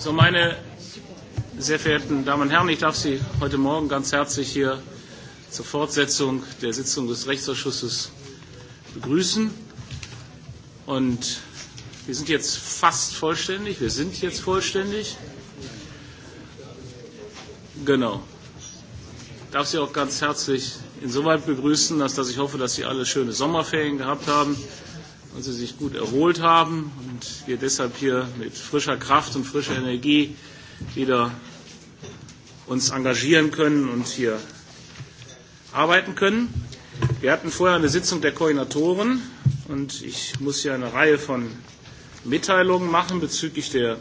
So, meine sehr verehrten Damen und Herren, ich darf Sie heute Morgen ganz herzlich hier zur Fortsetzung der Sitzung des Rechtsausschusses begrüßen. Und wir sind jetzt fast vollständig. Wir sind jetzt vollständig. Genau. Ich darf Sie auch ganz herzlich insoweit begrüßen, dass, dass ich hoffe, dass Sie alle schöne Sommerferien gehabt haben und Sie sich gut erholt haben und wir deshalb hier mit frischer Kraft und frischer Energie wieder uns engagieren können und hier arbeiten können. Wir hatten vorher eine Sitzung der Koordinatoren und ich muss hier eine Reihe von Mitteilungen machen bezüglich der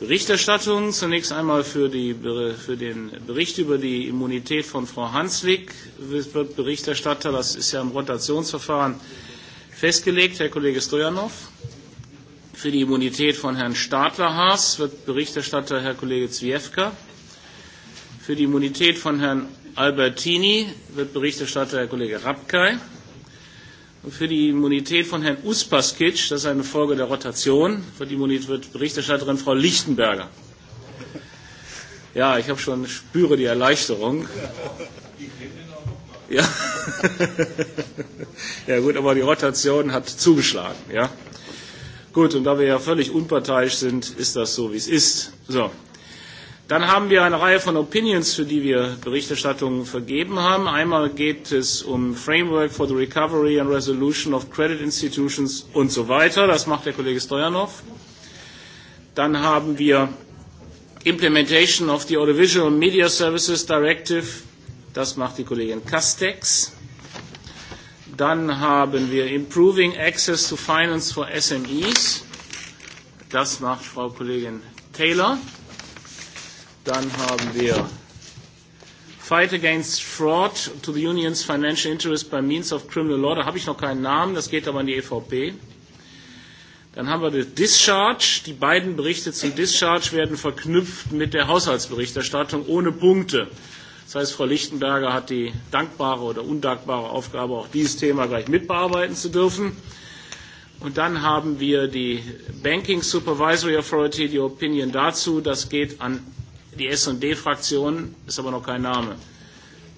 Berichterstattung. Zunächst einmal für, die, für den Bericht über die Immunität von Frau Hanslik wird Berichterstatter. Das ist ja im Rotationsverfahren festgelegt. Herr Kollege Stojanov. Für die Immunität von Herrn Stadler-Haas wird Berichterstatter Herr Kollege Zwiefka. Für die Immunität von Herrn Albertini wird Berichterstatter Herr Kollege Rapkay. Und für die Immunität von Herrn Uspaskic, das ist eine Folge der Rotation, wird, die wird Berichterstatterin Frau Lichtenberger. Ja, ich habe schon, spüre die Erleichterung. Ja. ja gut, aber die Rotation hat zugeschlagen, ja. Gut, und da wir ja völlig unparteiisch sind, ist das so, wie es ist. So. Dann haben wir eine Reihe von Opinions, für die wir Berichterstattungen vergeben haben. Einmal geht es um Framework for the Recovery and Resolution of Credit Institutions und so weiter. Das macht der Kollege Stojanov. Dann haben wir Implementation of the Audiovisual Media Services Directive Das macht die Kollegin Castex. Dann haben wir Improving Access to Finance for SMEs. Das macht Frau Kollegin Taylor. Dann haben wir Fight Against Fraud to the Union's Financial Interest by Means of Criminal Law. Da habe ich noch keinen Namen, das geht aber an die EVP. Dann haben wir die Discharge. Die beiden Berichte zum Discharge werden verknüpft mit der Haushaltsberichterstattung ohne Punkte. Das heißt, Frau Lichtenberger hat die dankbare oder undankbare Aufgabe, auch dieses Thema gleich mitbearbeiten zu dürfen. Und dann haben wir die Banking Supervisory Authority, die Opinion dazu. Das geht an die S&D-Fraktion, ist aber noch kein Name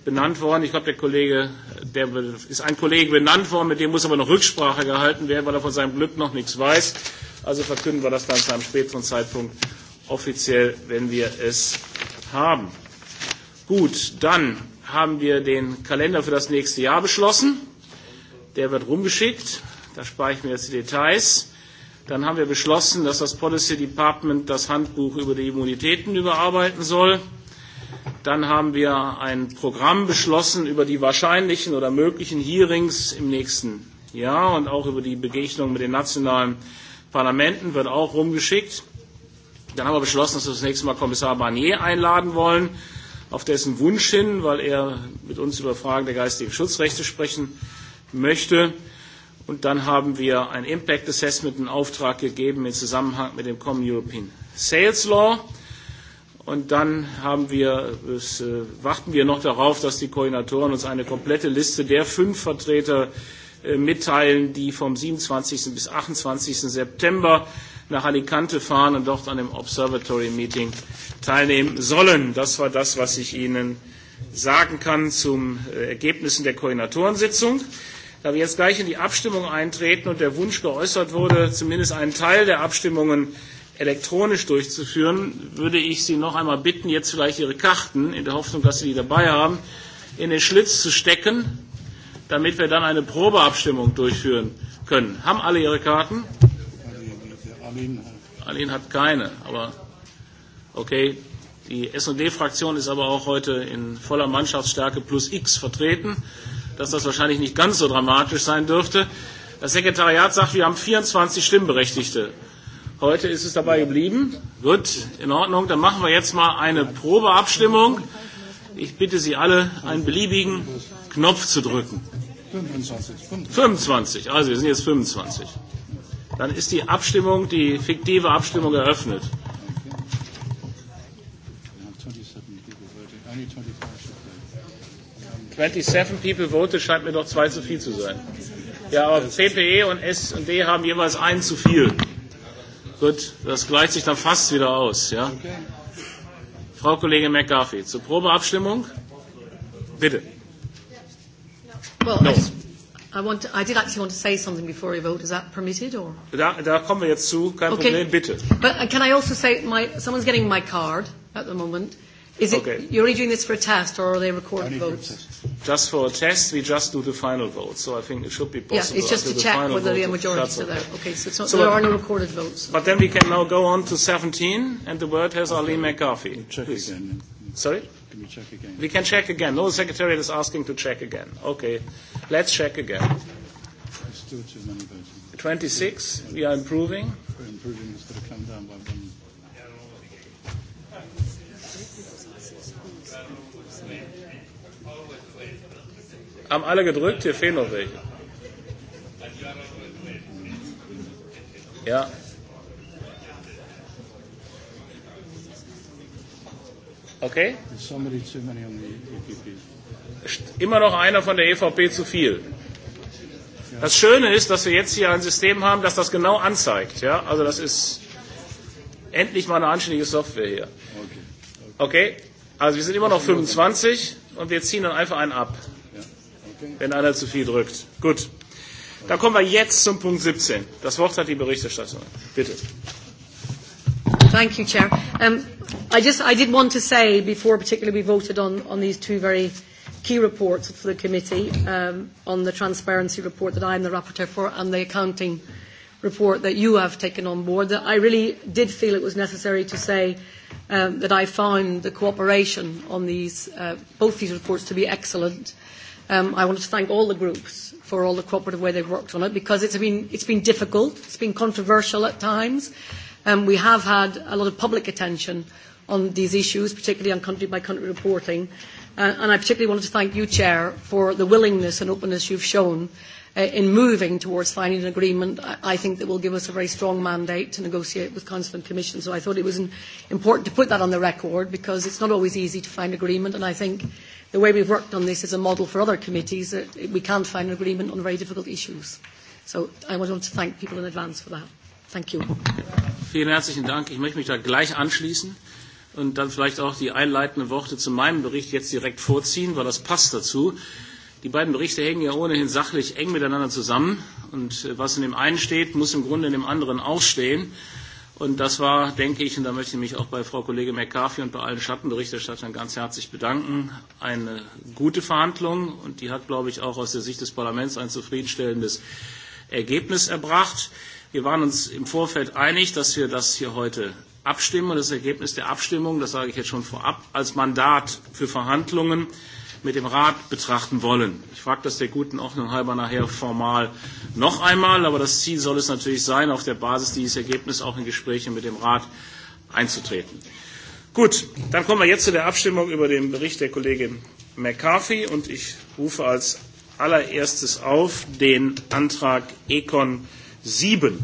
benannt worden. Ich glaube, der Kollege, der ist ein Kollege benannt worden, mit dem muss aber noch Rücksprache gehalten werden, weil er von seinem Glück noch nichts weiß. Also verkünden wir das dann zu einem späteren Zeitpunkt offiziell, wenn wir es haben. Gut, dann haben wir den Kalender für das nächste Jahr beschlossen. Der wird rumgeschickt. Da spare ich mir jetzt die Details. Dann haben wir beschlossen, dass das Policy Department das Handbuch über die Immunitäten überarbeiten soll. Dann haben wir ein Programm beschlossen über die wahrscheinlichen oder möglichen Hearings im nächsten Jahr und auch über die Begegnung mit den nationalen Parlamenten wird auch rumgeschickt. Dann haben wir beschlossen, dass wir das nächste Mal Kommissar Barnier einladen wollen auf dessen Wunsch hin, weil er mit uns über Fragen der geistigen Schutzrechte sprechen möchte. Und dann haben wir ein Impact Assessment in Auftrag gegeben im Zusammenhang mit dem Common European Sales Law. Und dann haben wir, es, äh, warten wir noch darauf, dass die Koordinatoren uns eine komplette Liste der fünf Vertreter mitteilen, die vom 27. bis 28. September nach Alicante fahren und dort an dem Observatory Meeting teilnehmen sollen. Das war das, was ich Ihnen sagen kann zum Ergebnissen der Koordinatorensitzung. Da wir jetzt gleich in die Abstimmung eintreten und der Wunsch geäußert wurde, zumindest einen Teil der Abstimmungen elektronisch durchzuführen, würde ich Sie noch einmal bitten, jetzt vielleicht Ihre Karten, in der Hoffnung, dass Sie die dabei haben, in den Schlitz zu stecken damit wir dann eine Probeabstimmung durchführen können. Haben alle ihre Karten? Aline hat keine, aber okay. Die SD-Fraktion ist aber auch heute in voller Mannschaftsstärke plus X vertreten, dass das wahrscheinlich nicht ganz so dramatisch sein dürfte. Das Sekretariat sagt, wir haben 24 Stimmberechtigte. Heute ist es dabei geblieben. Gut, in Ordnung. Dann machen wir jetzt mal eine Probeabstimmung. Ich bitte Sie alle, einen beliebigen Knopf zu drücken. 25. Also wir sind jetzt 25. Dann ist die Abstimmung, die fiktive Abstimmung eröffnet. Twenty-seven people voted scheint mir doch zwei zu viel zu sein. Ja, aber CPE und S und D haben jeweils einen zu viel. Gut, das gleicht sich dann fast wieder aus, ja. Okay. Frau Kollegin McGarvey, zur Probeabstimmung. Bitte. Well, no. I, I, want to, I did actually want to say something before we vote. Is that permitted or? Da, da kommen wir jetzt zu. Kein okay. Problem, bitte. But can I also say my, someone's getting my card at the moment. Is it, okay. you're only doing this for a test, or are they recording votes? Just for a test, we just do the final vote. So I think it should be possible. Yeah, it's just to check whether the majority are there. Okay, so, it's not, so there are no recorded votes. But then we can now go on to 17, and the word has Ali McCarthy. Check again. Sorry? Can we check again? We can check again. No, the secretariat is asking to check again. Okay, let's check again. Still too many 26, we are improving. We're improving. It's going to come down by one. Haben alle gedrückt? Hier fehlen noch welche. Ja. Okay? Immer noch einer von der EVP zu viel. Das Schöne ist, dass wir jetzt hier ein System haben, das das genau anzeigt. Ja? Also das ist endlich mal eine anständige Software hier. Okay? Also wir sind immer noch 25 und wir ziehen dann einfach einen ab wenn einer zu viel drückt. Gut. Dann kommen wir jetzt zum Punkt 17. Das Wort hat die Berichterstatterin. Bitte. Thank you, Chair. Um, I just I did want to say before, particularly we voted on on these two very key reports for the committee um, on the transparency report that I am the rapporteur for and the accounting report that you have taken on board. That I really did feel it was necessary to say um, that I found the cooperation on these uh, both these reports to be excellent. Um, I want to thank all the groups for all the cooperative way they've worked on it because it's been, it's been difficult, it's been controversial at times. Um, we have had a lot of public attention on these issues, particularly on country by country reporting. Uh, and I particularly wanted to thank you, Chair, for the willingness and openness you've shown in moving towards finding an agreement, I think that will give us a very strong mandate to negotiate with Council and Commission. So I thought it was important to put that on the record because it's not always easy to find agreement. And I think the way we've worked on this is a model for other committees. That we can find an agreement on very difficult issues. So I want to thank people in advance for that. Thank you. Vielen herzlichen Dank. Ich möchte mich da gleich anschließen und dann vielleicht auch die einleitenden Worte zu meinem Bericht jetzt direkt vorziehen, weil das passt dazu. Die beiden Berichte hängen ja ohnehin sachlich eng miteinander zusammen. Und was in dem einen steht, muss im Grunde in dem anderen auch stehen. Und das war, denke ich, und da möchte ich mich auch bei Frau Kollegin McCarthy und bei allen Schattenberichterstattern ganz herzlich bedanken, eine gute Verhandlung. Und die hat, glaube ich, auch aus der Sicht des Parlaments ein zufriedenstellendes Ergebnis erbracht. Wir waren uns im Vorfeld einig, dass wir das hier heute abstimmen. Und das Ergebnis der Abstimmung, das sage ich jetzt schon vorab, als Mandat für Verhandlungen mit dem Rat betrachten wollen. Ich frage das der guten Ordnung halber nachher formal noch einmal, aber das Ziel soll es natürlich sein, auf der Basis dieses Ergebnisses auch in Gespräche mit dem Rat einzutreten. Gut, dann kommen wir jetzt zu der Abstimmung über den Bericht der Kollegin McCarthy und ich rufe als allererstes auf den Antrag Econ 7.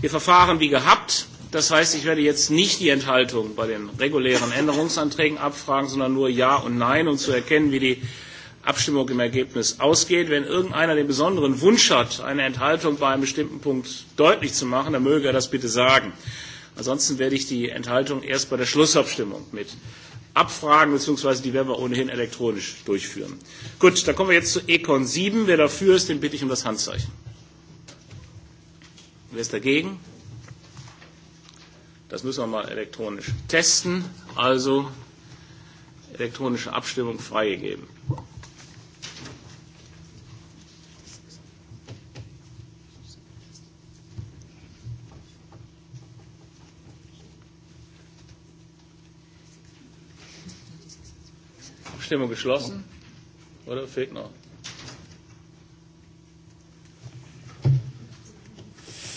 Wir verfahren wie gehabt. Das heißt, ich werde jetzt nicht die Enthaltung bei den regulären Änderungsanträgen abfragen, sondern nur Ja und Nein, um zu erkennen, wie die Abstimmung im Ergebnis ausgeht. Wenn irgendeiner den besonderen Wunsch hat, eine Enthaltung bei einem bestimmten Punkt deutlich zu machen, dann möge er das bitte sagen. Ansonsten werde ich die Enthaltung erst bei der Schlussabstimmung mit abfragen, beziehungsweise die werden wir ohnehin elektronisch durchführen. Gut, dann kommen wir jetzt zu Econ 7. Wer dafür ist, den bitte ich um das Handzeichen. Wer ist dagegen? Das müssen wir mal elektronisch testen. Also elektronische Abstimmung freigegeben. Abstimmung geschlossen? Oder fehlt noch?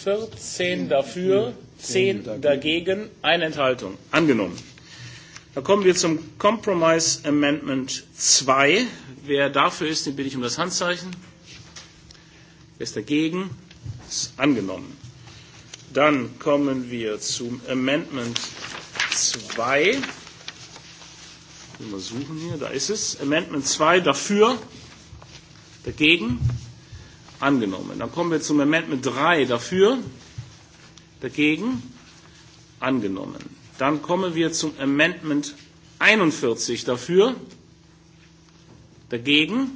14 dafür. Mhm. 10 dagegen, eine Enthaltung. Angenommen. Da kommen wir zum Compromise Amendment 2. Wer dafür ist, den bitte ich um das Handzeichen. Wer ist dagegen? Ist angenommen. Dann kommen wir zum Amendment 2. Mal suchen hier, da ist es. Amendment 2 dafür, dagegen, angenommen. Dann kommen wir zum Amendment 3 dafür, Dagegen? Angenommen. Dann kommen wir zum Amendment 41 dafür. Dagegen?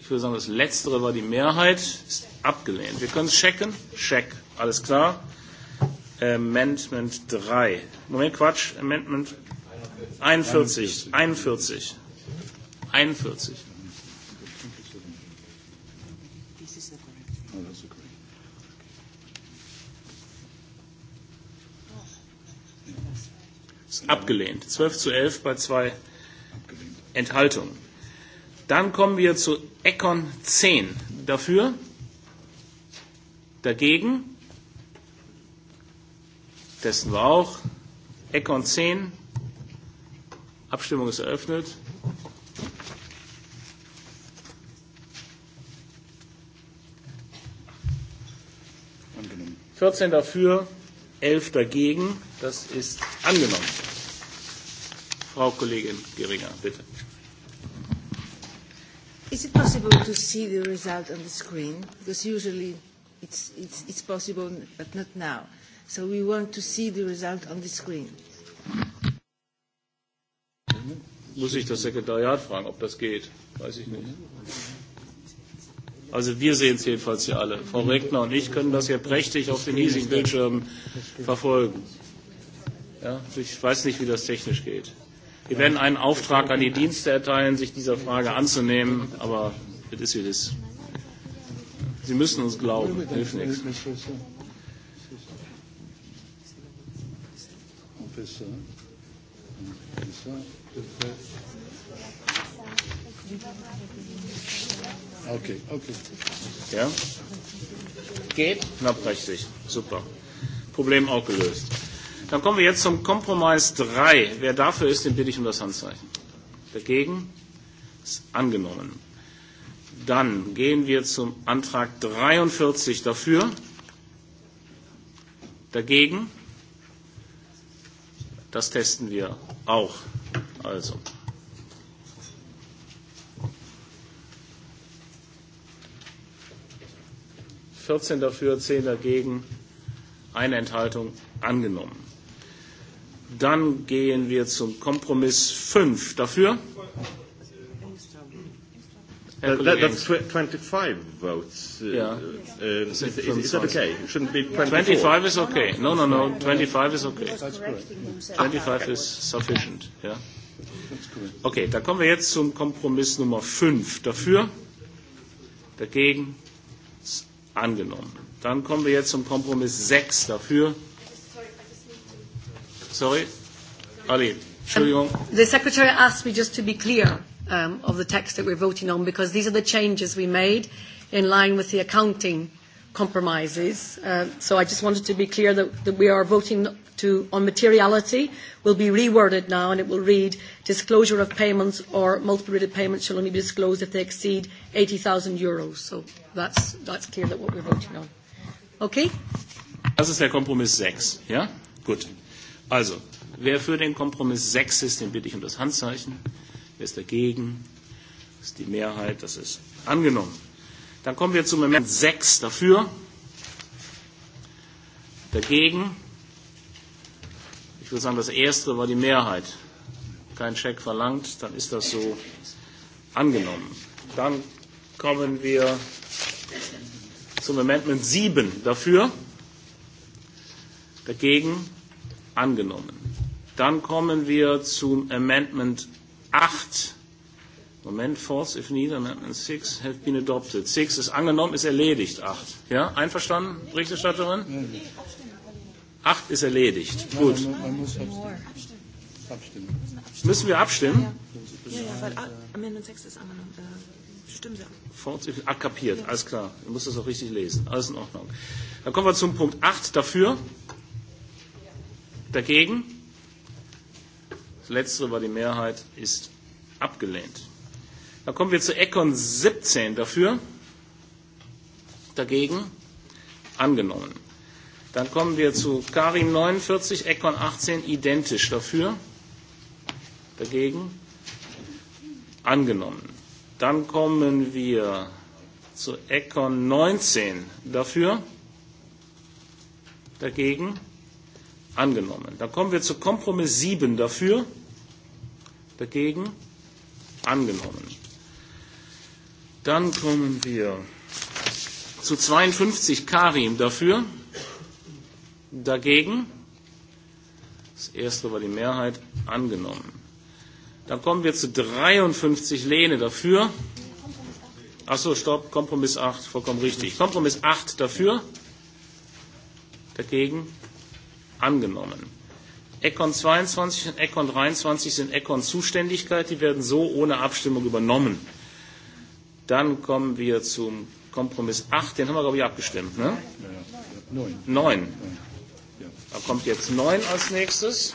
Ich würde sagen, das Letztere war die Mehrheit. Ist abgelehnt. Wir können es checken. Check. Alles klar. Amendment 3. Moment, Quatsch. Amendment 41. 41. 41. abgelehnt. 12 zu 11 bei zwei Enthaltungen. Dann kommen wir zu Econ 10. Dafür? Dagegen? Testen wir auch. Econ 10. Abstimmung ist eröffnet. Angenommen. 14 dafür, 11 dagegen. Das ist angenommen. Frau Kollegin Geringer, bitte. Is it possible to see the result on the screen? Because usually it's, it's, it's possible, but not now. So we want to see the result on the screen. Muss ich das Sekretariat fragen, ob das geht? Weiß ich nicht. Also wir sehen es jedenfalls hier alle. Frau Regner und ich können das ja prächtig auf den riesigen Bildschirmen verfolgen. Ja, ich weiß nicht, wie das technisch geht. Wir werden einen Auftrag an die Dienste erteilen, sich dieser Frage anzunehmen, aber es ist wie es ist. Sie müssen uns glauben, hilft nichts. Okay, okay. Ja? Geht? Knapp richtig. Super. Problem auch gelöst. Dann kommen wir jetzt zum Kompromiss 3. Wer dafür ist, den bitte ich um das Handzeichen. Dagegen ist angenommen. Dann gehen wir zum Antrag 43 dafür. Dagegen? Das testen wir auch. Also. Vierzehn dafür, zehn dagegen, eine Enthaltung angenommen. Dann gehen wir zum Kompromiss 5. Dafür? Uh, that, that's 25 votes. yeah. uh, is, is, is that okay? It shouldn't be 24. 25 is okay. No, no, no. 25 is okay. 25 is sufficient. Yeah. Okay, da kommen wir jetzt zum Kompromiss Nummer 5. Dafür? Dagegen? Angenommen. Dann kommen wir jetzt zum Kompromiss 6. Dafür? Sorry? Ali, on. The Secretary asked me just to be clear um, of the text that we're voting on because these are the changes we made in line with the accounting compromises. Uh, so I just wanted to be clear that, that we are voting to, on materiality will be reworded now and it will read disclosure of payments or multiple rated payments shall only be disclosed if they exceed euros. So that's, that's clear that what we're voting on. Okay? Das ist der Kompromiss 6, ja? Gut. Also, wer für den Kompromiss 6 ist, den bitte ich um das Handzeichen. Wer ist dagegen? Das ist die Mehrheit. Das ist angenommen. Dann kommen wir zum Moment 6 dafür. Dagegen. Ich würde sagen, das erste war die Mehrheit. Kein Check verlangt, dann ist das so angenommen. Dann kommen wir zum Amendment 7 dafür. Dagegen angenommen. Dann kommen wir zum Amendment 8. Moment, false if neither amendment 6 have been adopted. 6 ist angenommen, ist erledigt. 8. Ja, einverstanden, Berichterstatterin? 8 ist erledigt. Gut. Müssen wir abstimmen? Ja, weil Amendment 6 ist angenommen. Stimmen Sie ab. kapiert, alles klar. Ihr müsst das auch richtig lesen. Alles in Ordnung. Dann kommen wir zum Punkt 8. Dafür? Ja. Dagegen? Das letztere war die Mehrheit, ist abgelehnt. Dann kommen wir zu Econ 17 dafür. Dagegen? Angenommen. Dann kommen wir zu Karim 49, Econ 18 identisch dafür. Dagegen? Angenommen. Dann kommen wir zu Econ 19 dafür. Dagegen? Angenommen. Dann kommen wir zu Kompromiss 7 dafür. Dagegen. Angenommen. Dann kommen wir zu 52 Karim dafür. Dagegen. Das erste war die Mehrheit angenommen. Dann kommen wir zu 53 Lehne dafür. Achso, stopp, Kompromiss 8, vollkommen richtig. Kompromiss 8 dafür. Dagegen angenommen. Econ 22 und Econ 23 sind Econ Zuständigkeit, die werden so ohne Abstimmung übernommen. Dann kommen wir zum Kompromiss 8, den haben wir, glaube ich, abgestimmt, ne? Neun. Da kommt jetzt neun als nächstes.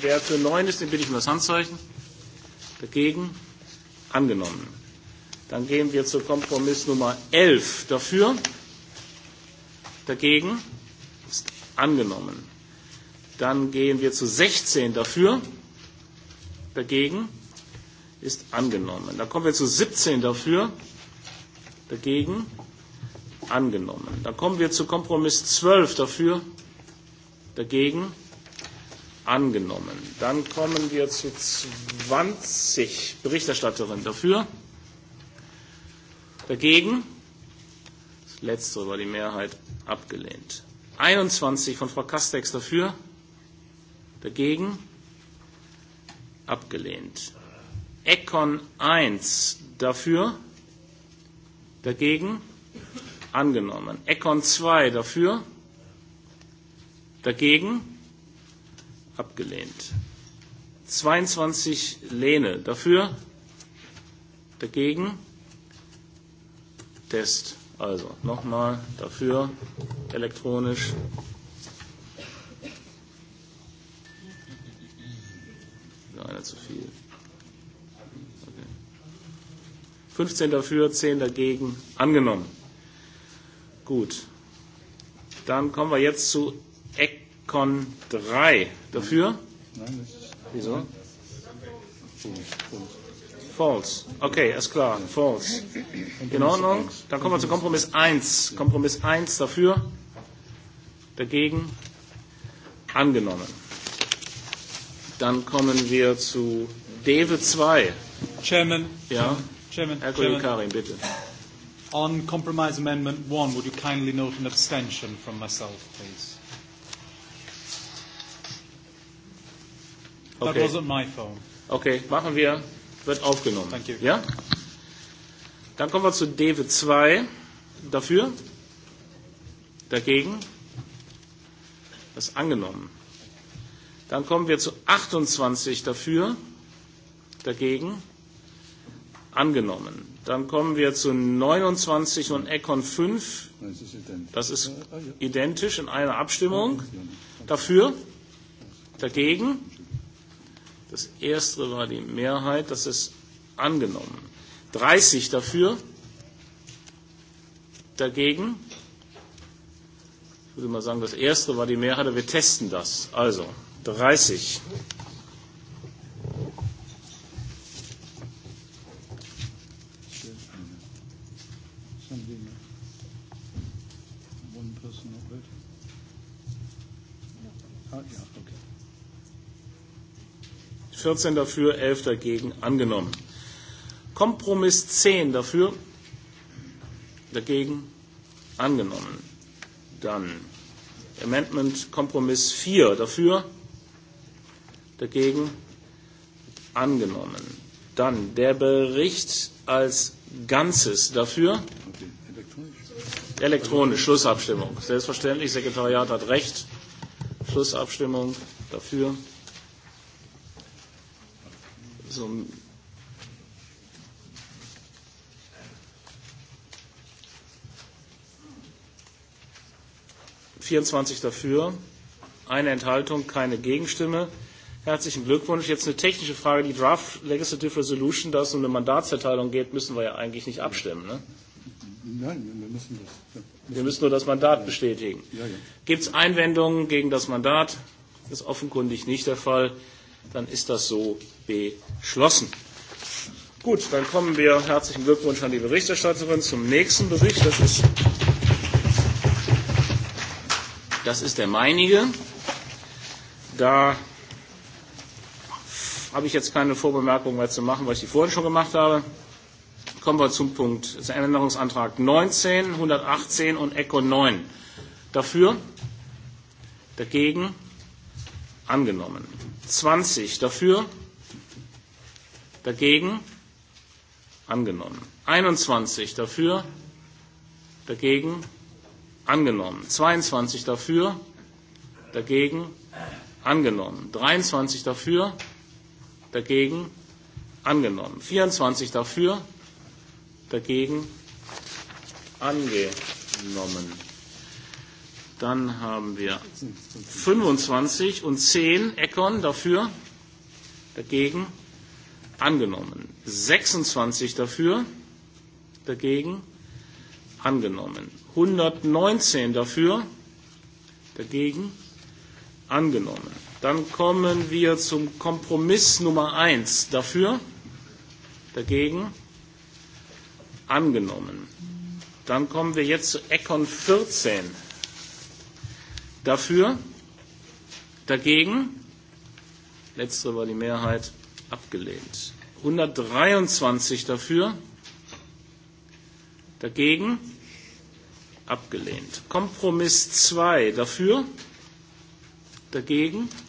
Wer für neun ist, den bitte ich um das Handzeichen. Dagegen? Angenommen. Dann gehen wir zu Kompromiss Nummer 11. Dafür? Dagegen? Ist angenommen. Dann gehen wir zu 16 dafür. Dagegen ist angenommen. Dann kommen wir zu 17 dafür. Dagegen angenommen. Dann kommen wir zu Kompromiss 12 dafür. Dagegen angenommen. Dann kommen wir zu 20 Berichterstatterin dafür. Dagegen. Das letztere war die Mehrheit abgelehnt. 21 von Frau Castex dafür. Dagegen? Abgelehnt. Econ 1 dafür? Dagegen? Angenommen. Econ 2 dafür? Dagegen? Abgelehnt. 22 Lehne dafür? Dagegen? Test. Also nochmal dafür elektronisch Nur einer zu viel. Okay. 15 dafür, 10 dagegen. Angenommen. Gut. Dann kommen wir jetzt zu Econ 3. Dafür? Nein, Wieso? False. Okay, ist klar. False. In Ordnung. Dann kommen wir zu Kompromiss 1. Kompromiss 1 dafür. Dagegen. Angenommen. Dann kommen wir zu Deve 2. Chairman. Ja. Chairman. Herr Kollege Karim, bitte. On compromise amendment 1, would you kindly note an abstention from myself, please? Okay. That wasn't my phone. Okay, machen wir. Wird aufgenommen. Thank you. Ja? Dann kommen wir zu Deve 2. Dafür? Dagegen? Das ist angenommen. Dann kommen wir zu 28 dafür, dagegen, angenommen. Dann kommen wir zu 29 und Econ 5. Das ist identisch in einer Abstimmung. Dafür, dagegen. Das erste war die Mehrheit, das ist angenommen. 30 dafür, dagegen. Ich würde mal sagen, das erste war die Mehrheit, aber wir testen das. Also, 30. Vierzehn dafür, elf dagegen angenommen. Kompromiss zehn dafür, dagegen angenommen. Dann Amendment Kompromiss vier dafür, Dagegen? Angenommen. Dann der Bericht als Ganzes dafür. Elektronisch, Schlussabstimmung. Selbstverständlich, Sekretariat hat recht. Schlussabstimmung dafür. So, vierundzwanzig dafür, eine Enthaltung, keine Gegenstimme. Herzlichen Glückwunsch. Jetzt eine technische Frage. Die Draft Legislative Resolution, da es um eine Mandatserteilung geht, müssen wir ja eigentlich nicht abstimmen. Ne? Nein, wir müssen das. Wir müssen nur das Mandat bestätigen. Ja, ja. Gibt es Einwendungen gegen das Mandat? Das ist offenkundig nicht der Fall. Dann ist das so beschlossen. Gut, dann kommen wir. Herzlichen Glückwunsch an die Berichterstatterin zum nächsten Bericht. Das ist, das ist der meinige. Da habe ich jetzt keine Vorbemerkungen mehr zu machen, weil ich die vorhin schon gemacht habe. Kommen wir zum Punkt, zum Änderungsantrag 19, 118 und ECO 9. Dafür, dagegen, angenommen. 20 dafür, dagegen, angenommen. 21 dafür, dagegen, angenommen. 22 dafür, dagegen, angenommen. 23 dafür, dagegen, dagegen angenommen. 24 dafür, dagegen angenommen. Dann haben wir 25 und 10 Eckern dafür, dagegen angenommen. 26 dafür, dagegen angenommen. 119 dafür, dagegen angenommen. Dann kommen wir zum Kompromiss Nummer eins Dafür? Dagegen? Angenommen. Dann kommen wir jetzt zu Econ 14. Dafür? Dagegen? Letztere war die Mehrheit abgelehnt. 123 dafür, dagegen abgelehnt. Kompromiss 2 dafür, dagegen abgelehnt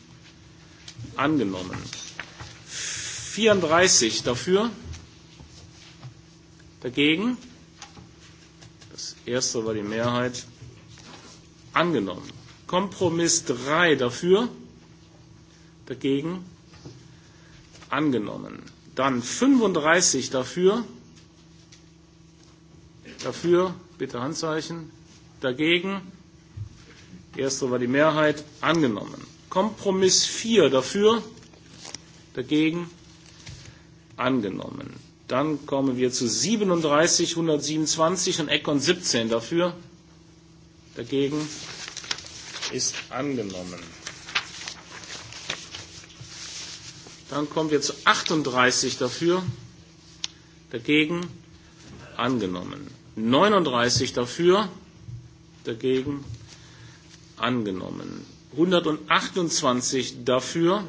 angenommen. 34 dafür, dagegen, das erste war die Mehrheit, angenommen. Kompromiss 3 dafür, dagegen, angenommen. Dann 35 dafür, dafür, bitte Handzeichen, dagegen, erste war die Mehrheit, angenommen. Kompromiss 4 dafür, dagegen angenommen. Dann kommen wir zu 37, 127 und Econ 17 dafür, dagegen ist angenommen. Dann kommen wir zu 38 dafür, dagegen angenommen. 39 dafür, dagegen angenommen. 128 dafür.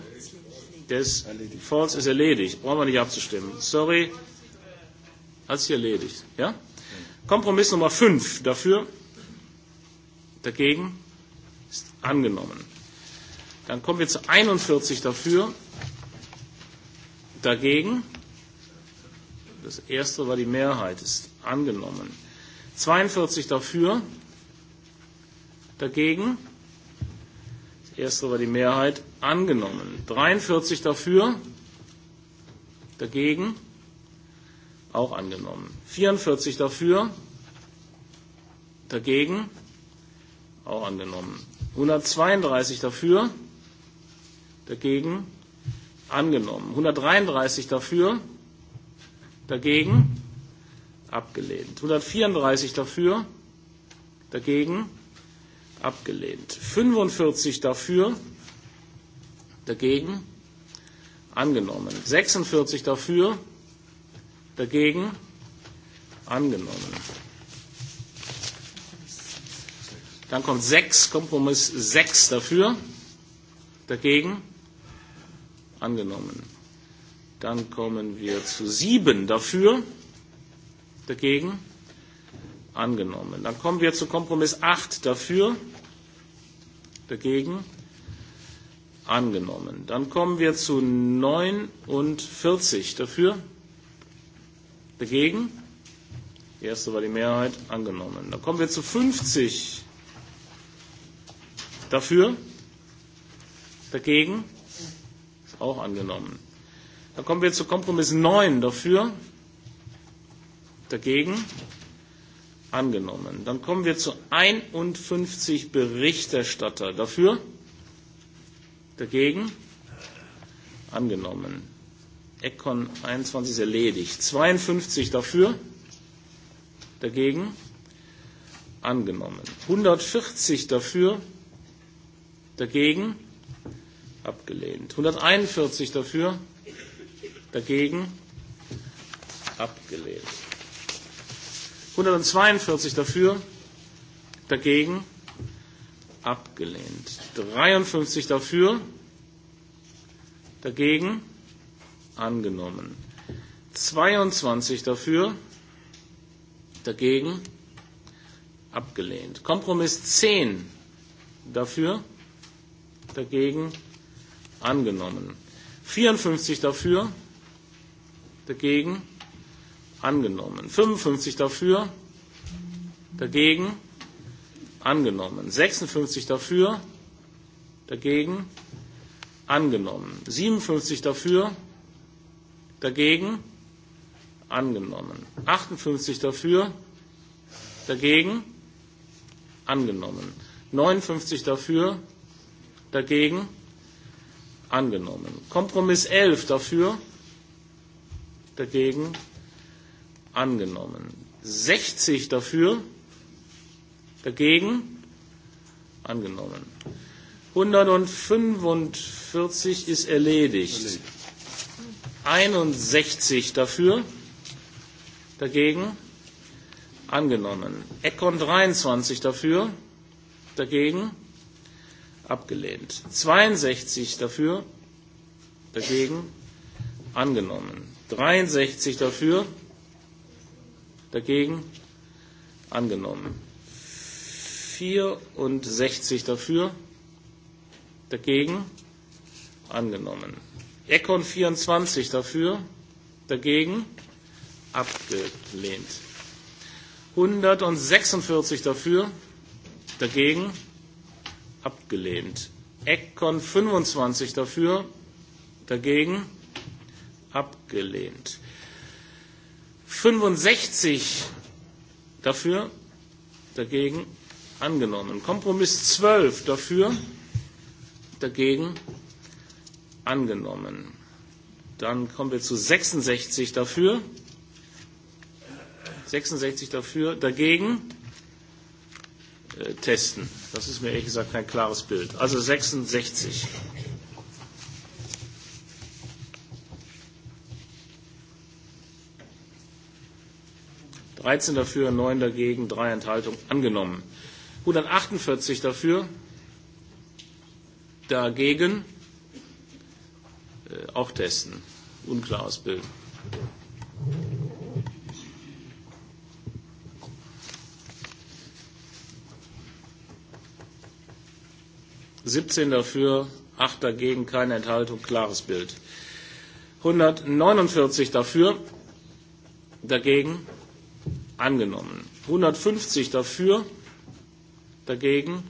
Des Falls ist erledigt. Brauchen wir nicht abzustimmen. Sorry. Hat sich erledigt. Ja? Kompromiss Nummer 5 dafür. Dagegen ist angenommen. Dann kommen wir zu 41 dafür. Dagegen. Das erste war die Mehrheit. Ist angenommen. 42 dafür. Dagegen Erst war die Mehrheit angenommen. 43 dafür, dagegen auch angenommen. 44 dafür, dagegen auch angenommen. 132 dafür, dagegen angenommen. 133 dafür, dagegen abgelehnt. 134 dafür, dagegen abgelehnt abgelehnt. 45 dafür, dagegen, angenommen. 46 dafür, dagegen, angenommen. Dann kommt 6, Kompromiss 6 dafür, dagegen, angenommen. Dann kommen wir zu 7 dafür, dagegen, angenommen. Dann kommen wir zu Kompromiss 8 dafür, dagegen, Dagegen? Angenommen. Dann kommen wir zu 49 dafür. Dagegen? Die erste war die Mehrheit. Angenommen. Dann kommen wir zu 50 dafür. Dagegen? Ist auch angenommen. Dann kommen wir zu Kompromiss 9 dafür. Dagegen? angenommen. Dann kommen wir zu 51 Berichterstatter. Dafür? Dagegen? Angenommen. Econ 21 ist erledigt. 52 dafür? Dagegen? Angenommen. 140 dafür? Dagegen? Abgelehnt. 141 dafür? Dagegen? Abgelehnt. 142 dafür, dagegen, abgelehnt. 53 dafür, dagegen, angenommen. 22 dafür, dagegen, abgelehnt. Kompromiss 10 dafür, dagegen, angenommen. 54 dafür, dagegen, angenommen. 55 dafür, dagegen, angenommen. 56 dafür, dagegen, angenommen. 57 dafür, dagegen, angenommen. 58 dafür, dagegen, angenommen. 59 dafür, dagegen, angenommen. Kompromiss 11 dafür, dagegen, angenommen angenommen. 60 dafür, dagegen angenommen. 145 ist erledigt. 61 dafür, dagegen angenommen. Econ 23 dafür, dagegen abgelehnt. 62 dafür, dagegen angenommen. 63 dafür, dagegen angenommen. 64 dafür, dagegen angenommen. Econ 24 dafür, dagegen abgelehnt. 146 dafür, dagegen abgelehnt. Econ 25 dafür, dagegen abgelehnt. 65 dafür, dagegen angenommen. Kompromiss 12 dafür, dagegen angenommen. Dann kommen wir zu 66 dafür. 66 dafür, dagegen äh, testen. Das ist mir ehrlich gesagt kein klares Bild. Also 66. 13 dafür, 9 dagegen, 3 Enthaltungen angenommen. 148 dafür, dagegen, äh, auch testen. Unklares Bild. Siebzehn dafür, acht dagegen, keine Enthaltung, klares Bild. 149 dafür, dagegen, angenommen. 150 dafür, dagegen,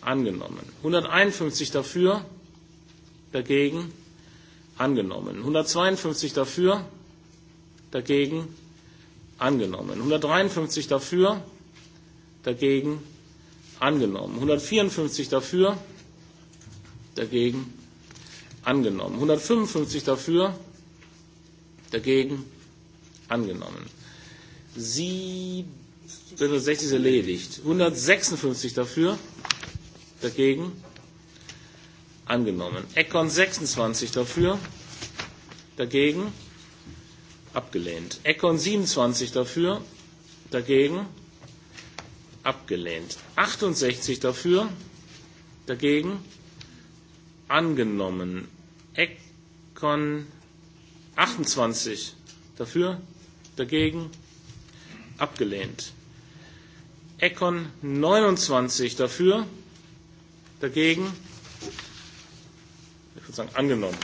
angenommen. 151 dafür, dagegen, angenommen. 152 dafür, dagegen, angenommen. 153 dafür, dagegen, angenommen. 154 dafür, dagegen, angenommen. 155 dafür, dagegen, angenommen. 67 ist erledigt. 156 dafür, dagegen, angenommen. Econ 26 dafür, dagegen, abgelehnt. Econ 27 dafür, dagegen, abgelehnt. 68 dafür, dagegen, angenommen. Eckhorn 28 dafür, dagegen, abgelehnt abgelehnt. Econ 29 dafür, dagegen, ich würde sagen, angenommen.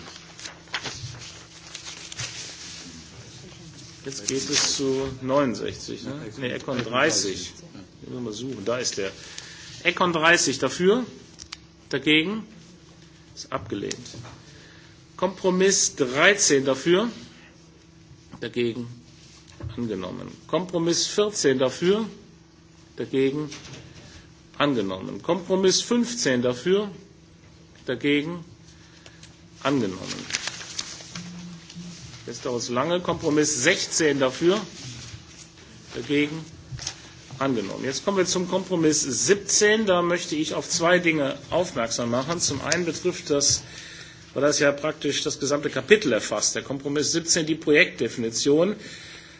Jetzt geht es zu 69, ne? Nee, Econ 30. Wir müssen mal suchen, da ist der. Econ 30 dafür, dagegen, ist abgelehnt. Kompromiss 13 dafür, dagegen angenommen. Kompromiss 14 dafür, dagegen angenommen. Kompromiss 15 dafür, dagegen angenommen. Jetzt dauert es lange. Kompromiss 16 dafür, dagegen angenommen. Jetzt kommen wir zum Kompromiss 17. Da möchte ich auf zwei Dinge aufmerksam machen. Zum einen betrifft das weil das ja praktisch das gesamte Kapitel erfasst. Der Kompromiss 17, die Projektdefinition.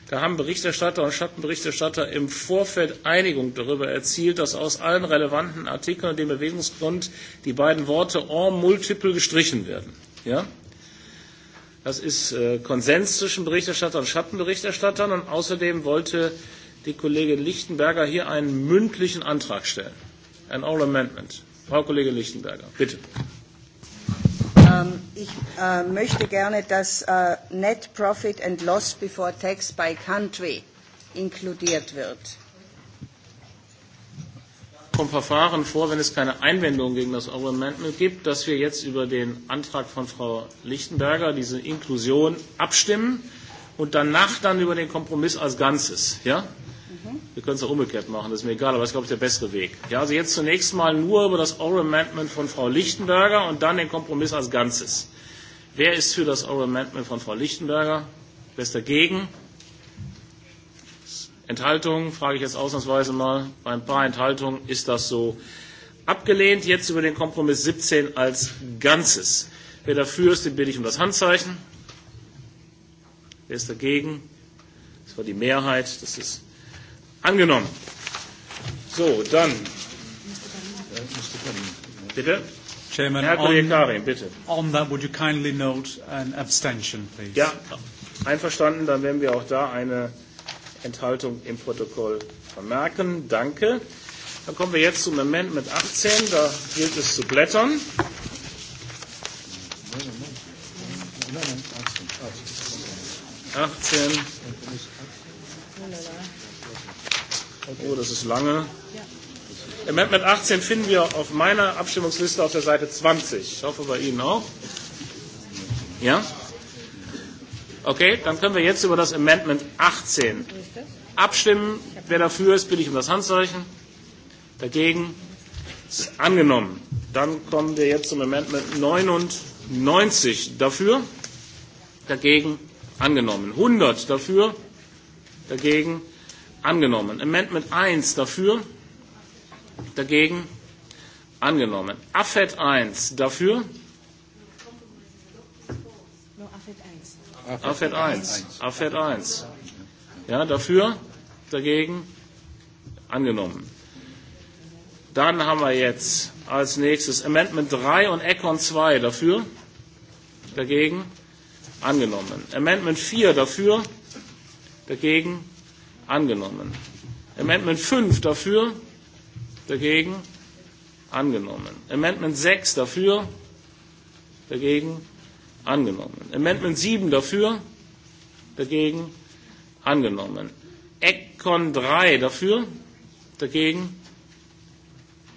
Da haben Berichterstatter und Schattenberichterstatter im Vorfeld Einigung darüber erzielt, dass aus allen relevanten Artikeln und dem Bewegungsgrund die beiden Worte en multiple gestrichen werden. Ja? Das ist äh, Konsens zwischen Berichterstatter und Schattenberichterstattern und außerdem wollte die Kollegin Lichtenberger hier einen mündlichen Antrag stellen. Ein Oral Amendment. Frau Kollegin Lichtenberger, bitte ich möchte gerne dass Net Profit and Loss before Tax by Country inkludiert wird. Vom Verfahren vor, wenn es keine Einwendungen gegen das Oral Amendment gibt, dass wir jetzt über den Antrag von Frau Lichtenberger, diese Inklusion, abstimmen und danach dann über den Kompromiss als Ganzes. Ja? Wir können es auch umgekehrt machen, das ist mir egal, aber das ist, glaube ich, der bessere Weg. Ja, also jetzt zunächst mal nur über das Oral Amendment von Frau Lichtenberger und dann den Kompromiss als Ganzes. Wer ist für das Oral Amendment von Frau Lichtenberger? Wer ist dagegen? Enthaltungen, frage ich jetzt ausnahmsweise mal. Bei ein paar Enthaltungen ist das so abgelehnt. Jetzt über den Kompromiss 17 als Ganzes. Wer dafür ist, den bitte ich um das Handzeichen. Wer ist dagegen? Das war die Mehrheit. Das ist Angenommen. So, dann. Bitte? Chairman, Herr Kollege Karim, bitte. On that, would you kindly note an abstention, please? Ja, einverstanden. Dann werden wir auch da eine Enthaltung im Protokoll vermerken. Danke. Dann kommen wir jetzt zum Amendment 18. Da gilt es zu blättern. 18. 18. Oh, das ist lange. Amendment 18 finden wir auf meiner Abstimmungsliste auf der Seite 20. Ich hoffe bei Ihnen auch. Ja? Okay, dann können wir jetzt über das Amendment 18 abstimmen. Wer dafür ist, bitte ich um das Handzeichen. Dagegen ist angenommen. Dann kommen wir jetzt zum Amendment 99. Dafür? Dagegen angenommen. 100 dafür? Dagegen angenommen angenommen. Amendment 1 dafür, dagegen angenommen. Affet 1 dafür. Affet 1. Affet 1. Ja, dafür, dagegen angenommen. Dann haben wir jetzt als nächstes Amendment 3 und Econ 2 dafür, dagegen angenommen. Amendment 4 dafür, dagegen Angenommen. Amendment 5 dafür. Dagegen. Angenommen. Amendment 6 dafür. Dagegen. Angenommen. Amendment 7 dafür. Dagegen. Angenommen. Econ 3 dafür. Dagegen.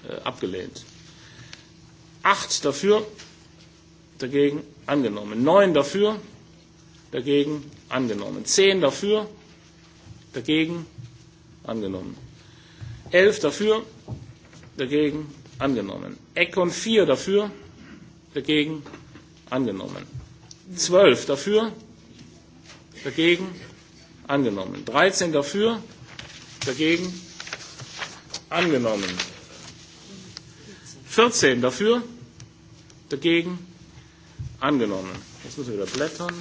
Äh, abgelehnt. 8 dafür. Dagegen. Angenommen. 9 dafür. Dagegen. Angenommen. 10 dafür dagegen, angenommen. 11 dafür, dagegen, angenommen. Econ 4 dafür, dagegen, angenommen. 12 dafür, dagegen, angenommen. 13 dafür, dagegen, angenommen. 14 dafür, dagegen, angenommen. Jetzt müssen wir wieder blättern.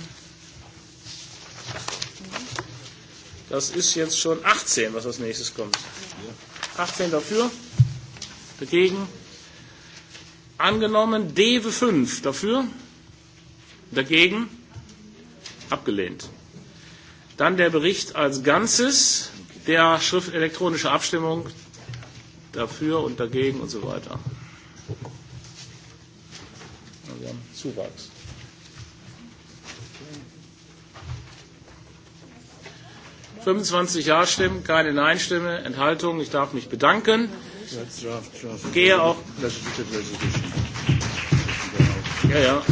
Das ist jetzt schon 18, was als nächstes kommt. 18 dafür, dagegen, angenommen. Dewe 5 dafür, dagegen, abgelehnt. Dann der Bericht als Ganzes, der Schrift elektronische Abstimmung dafür und dagegen und so weiter. Wir haben Zuwachs. 25 Ja-Stimmen, keine Nein-Stimme, Enthaltungen. Ich darf mich bedanken. Gehe auch. Ja, ja.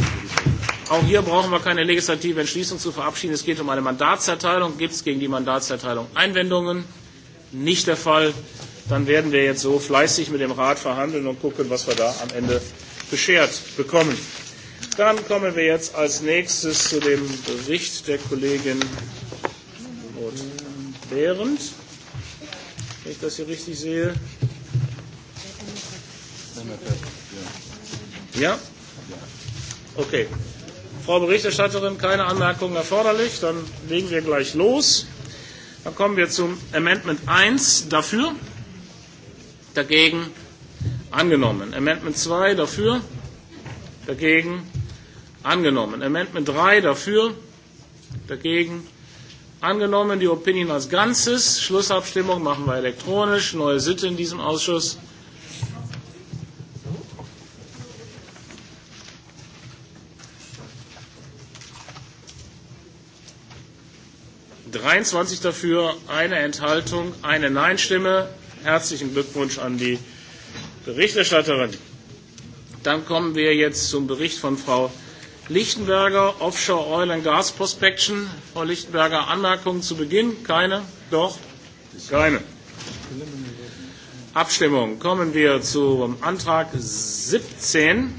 Auch hier brauchen wir keine legislative Entschließung zu verabschieden. Es geht um eine Mandatserteilung. Gibt es gegen die Mandatserteilung Einwendungen? Nicht der Fall. Dann werden wir jetzt so fleißig mit dem Rat verhandeln und gucken, was wir da am Ende beschert bekommen. Dann kommen wir jetzt als nächstes zu dem Bericht der Kollegin Behrens, wenn ich das hier richtig sehe. Ja? Okay. Frau Berichterstatterin, keine Anmerkungen erforderlich. Dann legen wir gleich los. Dann kommen wir zum Amendment 1 dafür, dagegen angenommen. Amendment 2 dafür, dagegen angenommen. Amendment 3 dafür, dagegen angenommen Angenommen die Opinion als Ganzes. Schlussabstimmung machen wir elektronisch. Neue Sitte in diesem Ausschuss. Dreiundzwanzig dafür, eine Enthaltung, eine Nein-Stimme. Herzlichen Glückwunsch an die Berichterstatterin. Dann kommen wir jetzt zum Bericht von Frau Lichtenberger Offshore Oil and Gas Prospection. Frau Lichtenberger, Anmerkungen zu Beginn? Keine? Doch? Keine. Abstimmung. Kommen wir zum Antrag 17.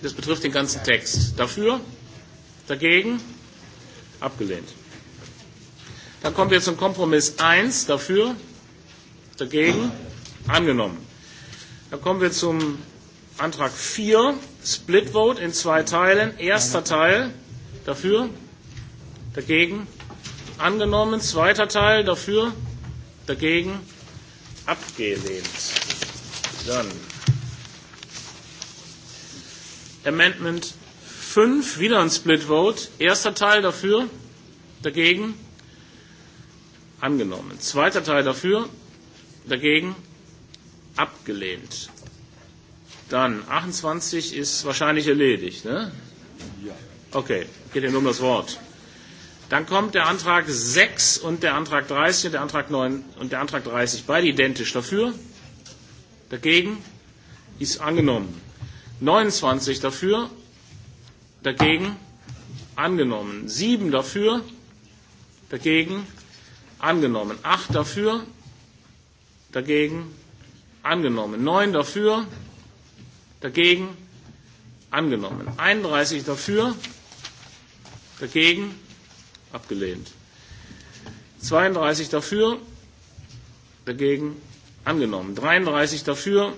Das betrifft den ganzen Text. Dafür? Dagegen? Abgelehnt. Dann kommen wir zum Kompromiss 1. Dafür? Dagegen? Angenommen. Dann kommen wir zum Antrag 4, Split Vote in zwei Teilen. Erster Teil dafür, dagegen, angenommen. Zweiter Teil dafür, dagegen, abgelehnt. Dann Amendment 5, wieder ein Split Vote. Erster Teil dafür, dagegen, angenommen. Zweiter Teil dafür, dagegen, abgelehnt. Dann 28 ist wahrscheinlich erledigt, ne? Okay, geht Ihnen um das Wort. Dann kommt der Antrag 6 und der Antrag 30 und der Antrag 9 und der Antrag 30. Beide identisch. Dafür? Dagegen? Ist angenommen. 29 dafür? Dagegen? Angenommen. 7 dafür? Dagegen? Angenommen. 8 dafür? Dagegen? Angenommen. 9 dafür? dagegen angenommen. 31 dafür, dagegen abgelehnt. 32 dafür, dagegen angenommen. 33 dafür,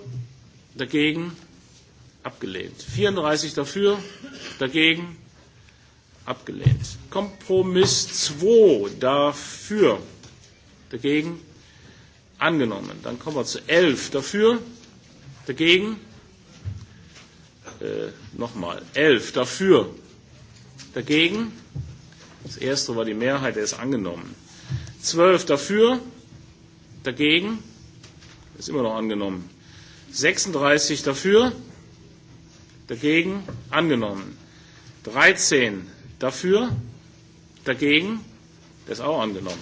dagegen abgelehnt. 34 dafür, dagegen abgelehnt. Kompromiss 2 dafür, dagegen angenommen. Dann kommen wir zu 11 dafür, dagegen nochmal. Elf dafür, dagegen. Das erste war die Mehrheit, der ist angenommen. Zwölf dafür, dagegen. Ist immer noch angenommen. 36 dafür, dagegen, angenommen. 13 dafür, dagegen, Der ist auch angenommen.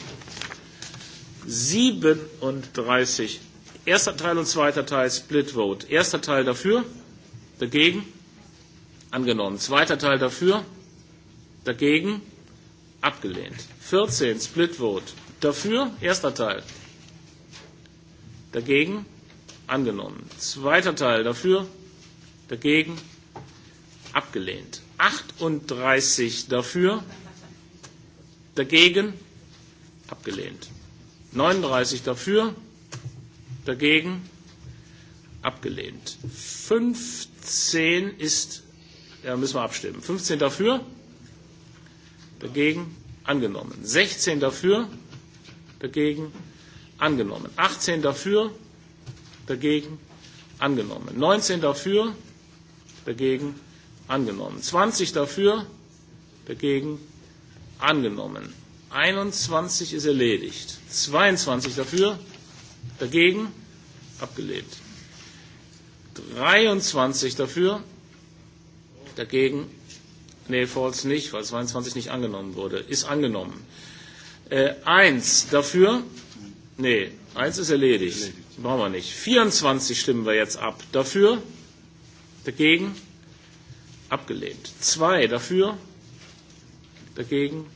37, erster Teil und zweiter Teil, Split Vote. Erster Teil dafür, Dagegen? Angenommen. Zweiter Teil dafür? Dagegen? Abgelehnt. 14. Split Vote. Dafür? Erster Teil. Dagegen? Angenommen. Zweiter Teil dafür? Dagegen? Abgelehnt. 38 dafür? Dagegen? Abgelehnt. 39 dafür? Dagegen? Abgelehnt. 50. 15 ist, ja, müssen wir abstimmen. 15 dafür, dagegen angenommen. 16 dafür, dagegen angenommen. 18 dafür, dagegen angenommen. 19 dafür, dagegen angenommen. 20 dafür, dagegen angenommen. 21 ist erledigt. 22 dafür, dagegen abgelehnt. 23 dafür, dagegen, nee, falls nicht, weil 22 nicht angenommen wurde, ist angenommen. Äh, 1 dafür, nee, 1 ist erledigt, brauchen wir nicht. 24 stimmen wir jetzt ab, dafür, dagegen, abgelehnt. 2 dafür, dagegen,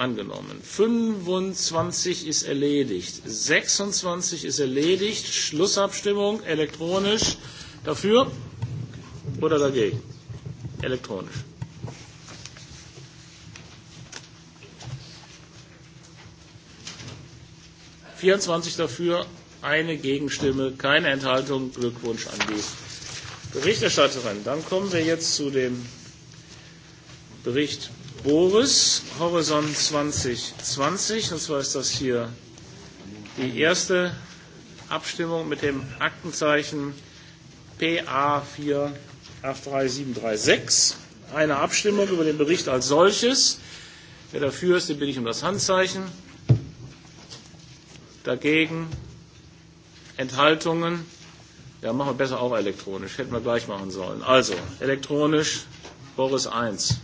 angenommen. 25 ist erledigt. 26 ist erledigt. Schlussabstimmung elektronisch. Dafür oder dagegen? Elektronisch. Vierundzwanzig dafür, eine Gegenstimme, keine Enthaltung. Glückwunsch an die Berichterstatterin. Dann kommen wir jetzt zu dem Bericht Boris, Horizont 2020. Und zwar ist das hier die erste Abstimmung mit dem Aktenzeichen PA483736. Eine Abstimmung über den Bericht als solches. Wer dafür ist, den bitte ich um das Handzeichen. Dagegen Enthaltungen. Ja, machen wir besser auch elektronisch. Hätten wir gleich machen sollen. Also, elektronisch Boris 1.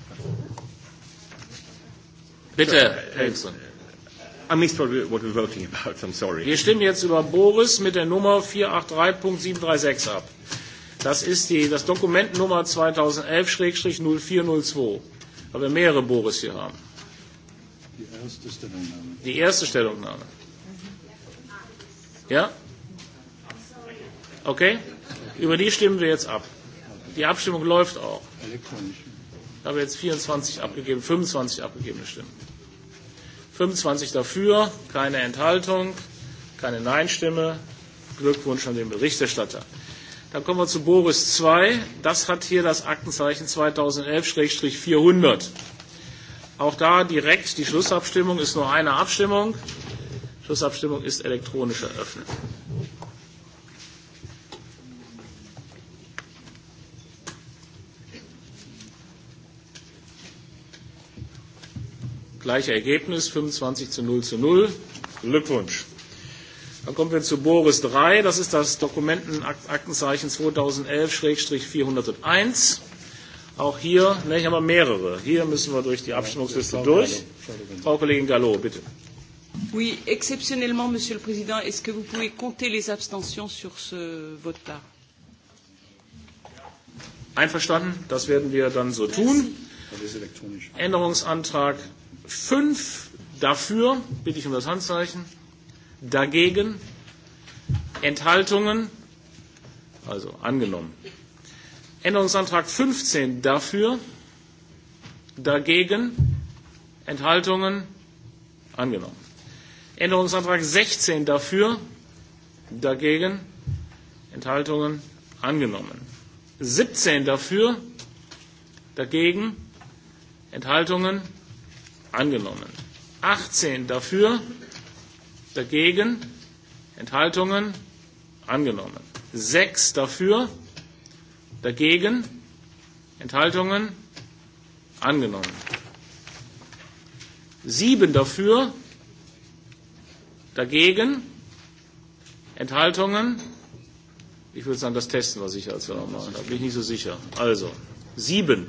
Bitte, Helmsen. I missed what we, what we're voting about, I'm sorry. Wir stimmen jetzt über Boris mit der Nummer 483.736 ab. Das ist die, das Dokument Nummer 2011-0402, weil wir mehrere Boris hier haben. Die erste Stellungnahme. Die erste Stellungnahme. Ja? Okay? Über die stimmen wir jetzt ab. Die Abstimmung läuft auch. Elektronisch. Ich habe jetzt 24 abgegeben, 25 abgegebene Stimmen. 25 dafür, keine Enthaltung, keine Nein-Stimme. Glückwunsch an den Berichterstatter. Dann kommen wir zu Boris 2. Das hat hier das Aktenzeichen 2011-400. Auch da direkt die Schlussabstimmung ist nur eine Abstimmung. Schlussabstimmung ist elektronisch eröffnet. Gleiche Ergebnis, 25 zu 0 zu 0. Glückwunsch. Dann kommen wir zu Boris 3. Das ist das Dokumentenaktenzeichen 2011-401. Auch hier, ne, ich habe mehrere. Hier müssen wir durch die Abstimmungsliste durch. Frau Kollegin Gallo, bitte. Oui, exceptionnellement, Monsieur le Président, est-ce que vous pouvez compter les abstentions sur ce vote-là Einverstanden, das werden wir dann so tun. Änderungsantrag Fünf dafür, bitte ich um das Handzeichen, dagegen, Enthaltungen, also angenommen. Änderungsantrag 15 dafür, dagegen, Enthaltungen, angenommen. Änderungsantrag 16 dafür, dagegen, Enthaltungen, angenommen. 17 dafür, dagegen, Enthaltungen, angenommen angenommen. 18 dafür, dagegen, Enthaltungen angenommen. 6 dafür, dagegen, Enthaltungen angenommen. 7 dafür, dagegen, Enthaltungen. Ich würde sagen, das testen wir sicher als wir nochmal. Da bin ich nicht so sicher. Also, 7.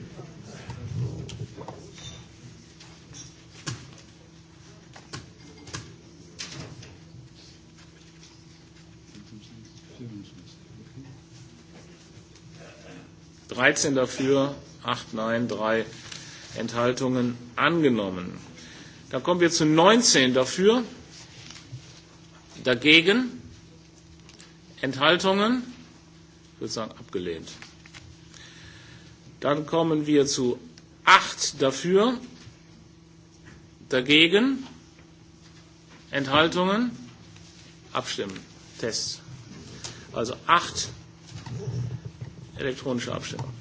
13 dafür, 8 Nein, 3 Enthaltungen angenommen. Dann kommen wir zu 19 dafür, dagegen, Enthaltungen, ich würde sagen abgelehnt. Dann kommen wir zu 8 dafür, dagegen, Enthaltungen, abstimmen, Test. Also 8 Elektronische Abstimmung.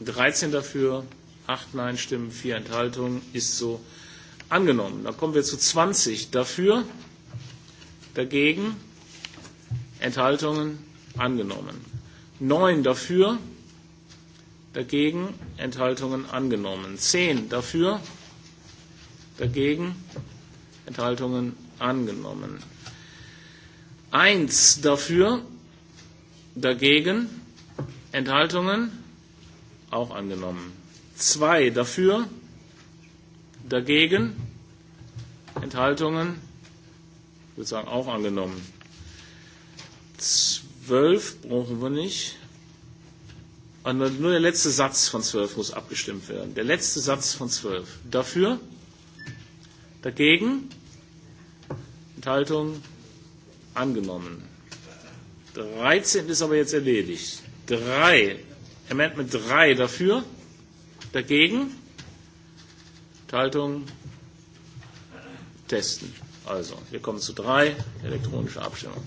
Dreizehn dafür, acht Nein-Stimmen, vier Enthaltungen ist so angenommen. Dann kommen wir zu 20 dafür, dagegen, Enthaltungen angenommen. Neun dafür, dagegen, Enthaltungen angenommen. Zehn dafür, dagegen, Enthaltungen angenommen. Eins dafür, dagegen, Enthaltungen, auch angenommen. Zwei dafür, dagegen, Enthaltungen, ich würde sagen, auch angenommen. Zwölf brauchen wir nicht. nur der letzte Satz von zwölf muss abgestimmt werden. Der letzte Satz von zwölf. Dafür? Dagegen? Enthaltung? angenommen. 13 ist aber jetzt erledigt. 3, Amendment 3 dafür, dagegen, Enthaltung, testen. Also, wir kommen zu 3, elektronische Abstimmung.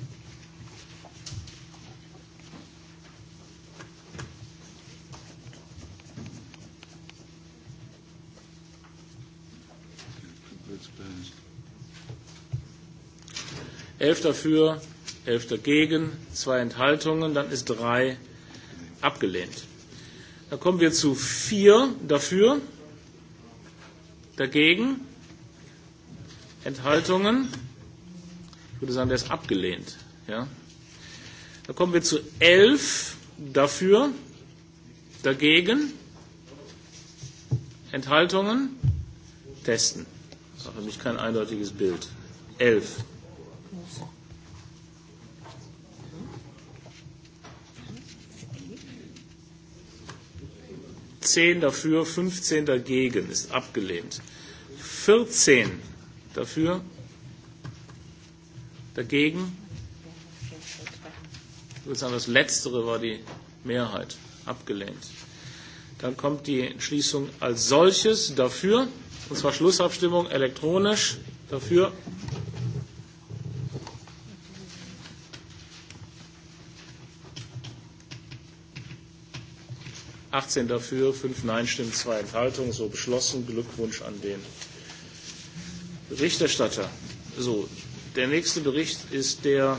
11 dafür, 11 dagegen, zwei Enthaltungen, dann ist 3 abgelehnt. Dann kommen wir zu 4 dafür, dagegen, Enthaltungen. Ich würde sagen, der ist abgelehnt. Ja. Dann kommen wir zu 11 dafür, dagegen, Enthaltungen, testen. Das ist für mich kein eindeutiges Bild. 11. 10 dafür, 15 dagegen, ist abgelehnt. 14 dafür, dagegen. Ich würde sagen, das Letztere war die Mehrheit, abgelehnt. Dann kommt die Entschließung als solches dafür, und zwar Schlussabstimmung elektronisch dafür, achtzehn dafür, fünf Nein-Stimmen, zwei Enthaltungen. So beschlossen. Glückwunsch an den Berichterstatter. So, der nächste Bericht ist der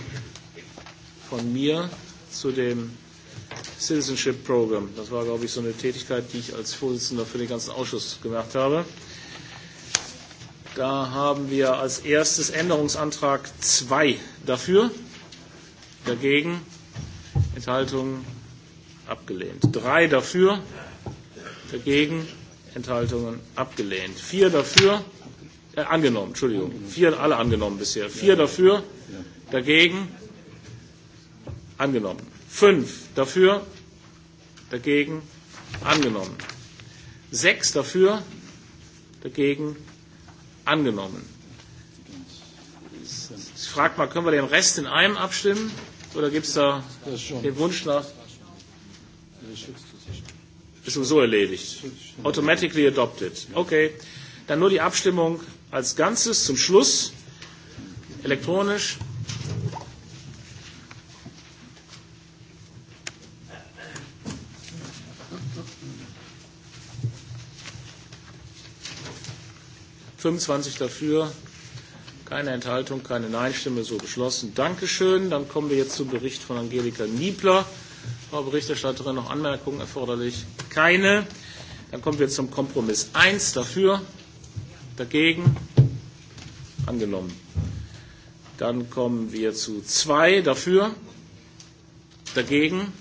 von mir zu dem Citizenship Program. Das war, glaube ich, so eine Tätigkeit, die ich als Vorsitzender für den ganzen Ausschuss gemacht habe. Da haben wir als erstes Änderungsantrag 2 dafür, dagegen, Enthaltungen abgelehnt. Drei dafür, dagegen, Enthaltungen abgelehnt. Vier dafür, äh, angenommen, Entschuldigung. Vier, alle angenommen bisher. Vier dafür, dagegen, angenommen. Fünf dafür, dagegen, angenommen. Sechs dafür, dagegen, angenommen. Ich frage mal, können wir den Rest in einem abstimmen? Oder gibt es da den Wunsch nach? Ist sowieso erledigt. Automatically adopted. Okay. Dann nur die Abstimmung als Ganzes zum Schluss. Elektronisch. Fünfundzwanzig dafür, keine Enthaltung, keine Nein-Stimme, so beschlossen. Dankeschön. Dann kommen wir jetzt zum Bericht von Angelika Niebler. Frau Berichterstatterin, noch Anmerkungen erforderlich? Keine. Dann kommen wir zum Kompromiss 1. Dafür? Dagegen? Angenommen. Dann kommen wir zu 2. Dafür? Dagegen?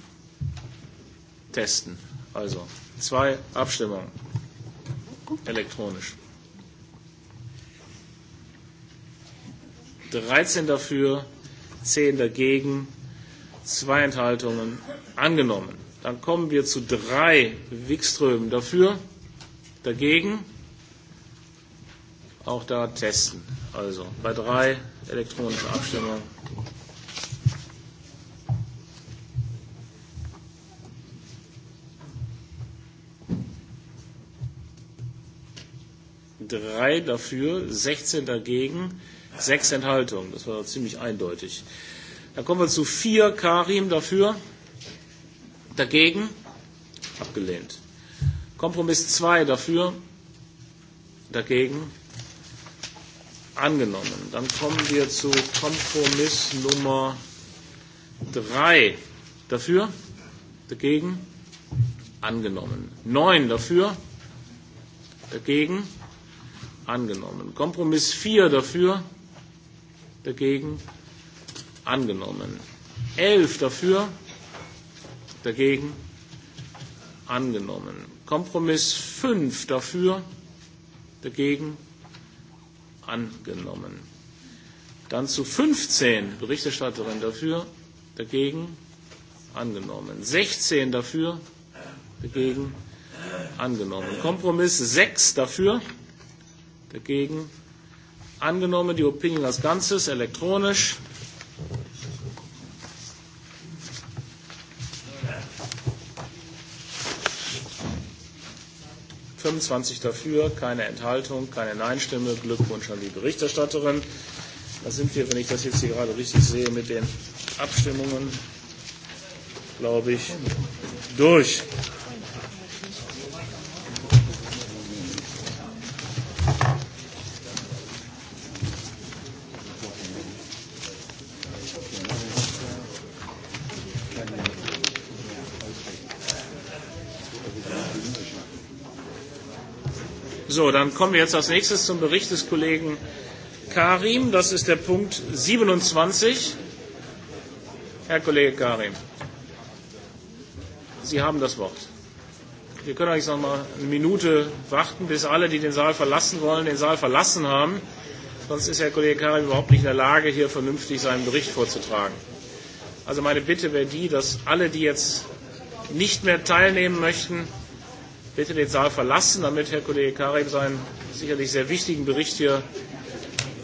Testen. Also zwei Abstimmungen. Elektronisch. 13 dafür, 10 dagegen zwei Enthaltungen angenommen. Dann kommen wir zu drei Wikströmen dafür, dagegen. Auch da testen. Also bei drei elektronische Abstimmung. Drei dafür, 16 dagegen, sechs Enthaltungen. Das war ziemlich eindeutig. Da kommen wir zu 4 Karim dafür, dagegen, abgelehnt. Kompromiss 2 dafür, dagegen, angenommen. Dann kommen wir zu Kompromiss Nummer 3 dafür, dagegen, angenommen. 9 dafür, dagegen, angenommen. Kompromiss 4 dafür, dagegen, angenommen angenommen. 11 dafür, dagegen angenommen. Kompromiss 5 dafür, dagegen angenommen. Dann zu 15 Berichterstatterin dafür, dagegen angenommen. 16 dafür, dagegen angenommen. Kompromiss 6 dafür, dagegen angenommen. Die Opinion als Ganzes elektronisch. 25 dafür, keine Enthaltung, keine Nein-Stimme. Glückwunsch an die Berichterstatterin. Da sind wir, wenn ich das jetzt hier gerade richtig sehe, mit den Abstimmungen, glaube ich, durch. So, dann kommen wir jetzt als nächstes zum Bericht des Kollegen Karim. Das ist der Punkt 27. Herr Kollege Karim, Sie haben das Wort. Wir können eigentlich noch mal eine Minute warten, bis alle, die den Saal verlassen wollen, den Saal verlassen haben. Sonst ist Herr Kollege Karim überhaupt nicht in der Lage, hier vernünftig seinen Bericht vorzutragen. Also meine Bitte wäre die, dass alle, die jetzt nicht mehr teilnehmen möchten, bitte den Saal verlassen, damit Herr Kollege Karim seinen sicherlich sehr wichtigen Bericht hier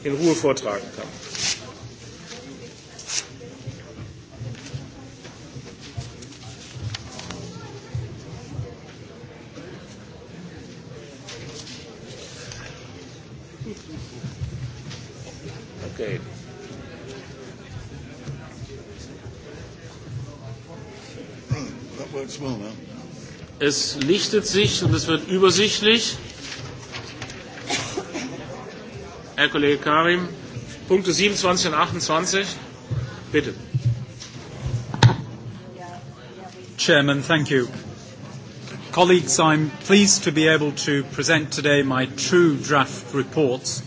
in Ruhe vortragen kann. Es lichtet sich und es wird übersichtlich. Herr Kollege Karim, Punkte 27 und 28. Bitte. Chairman, thank you. Colleagues, I'm pleased to be able to present today my true draft reports,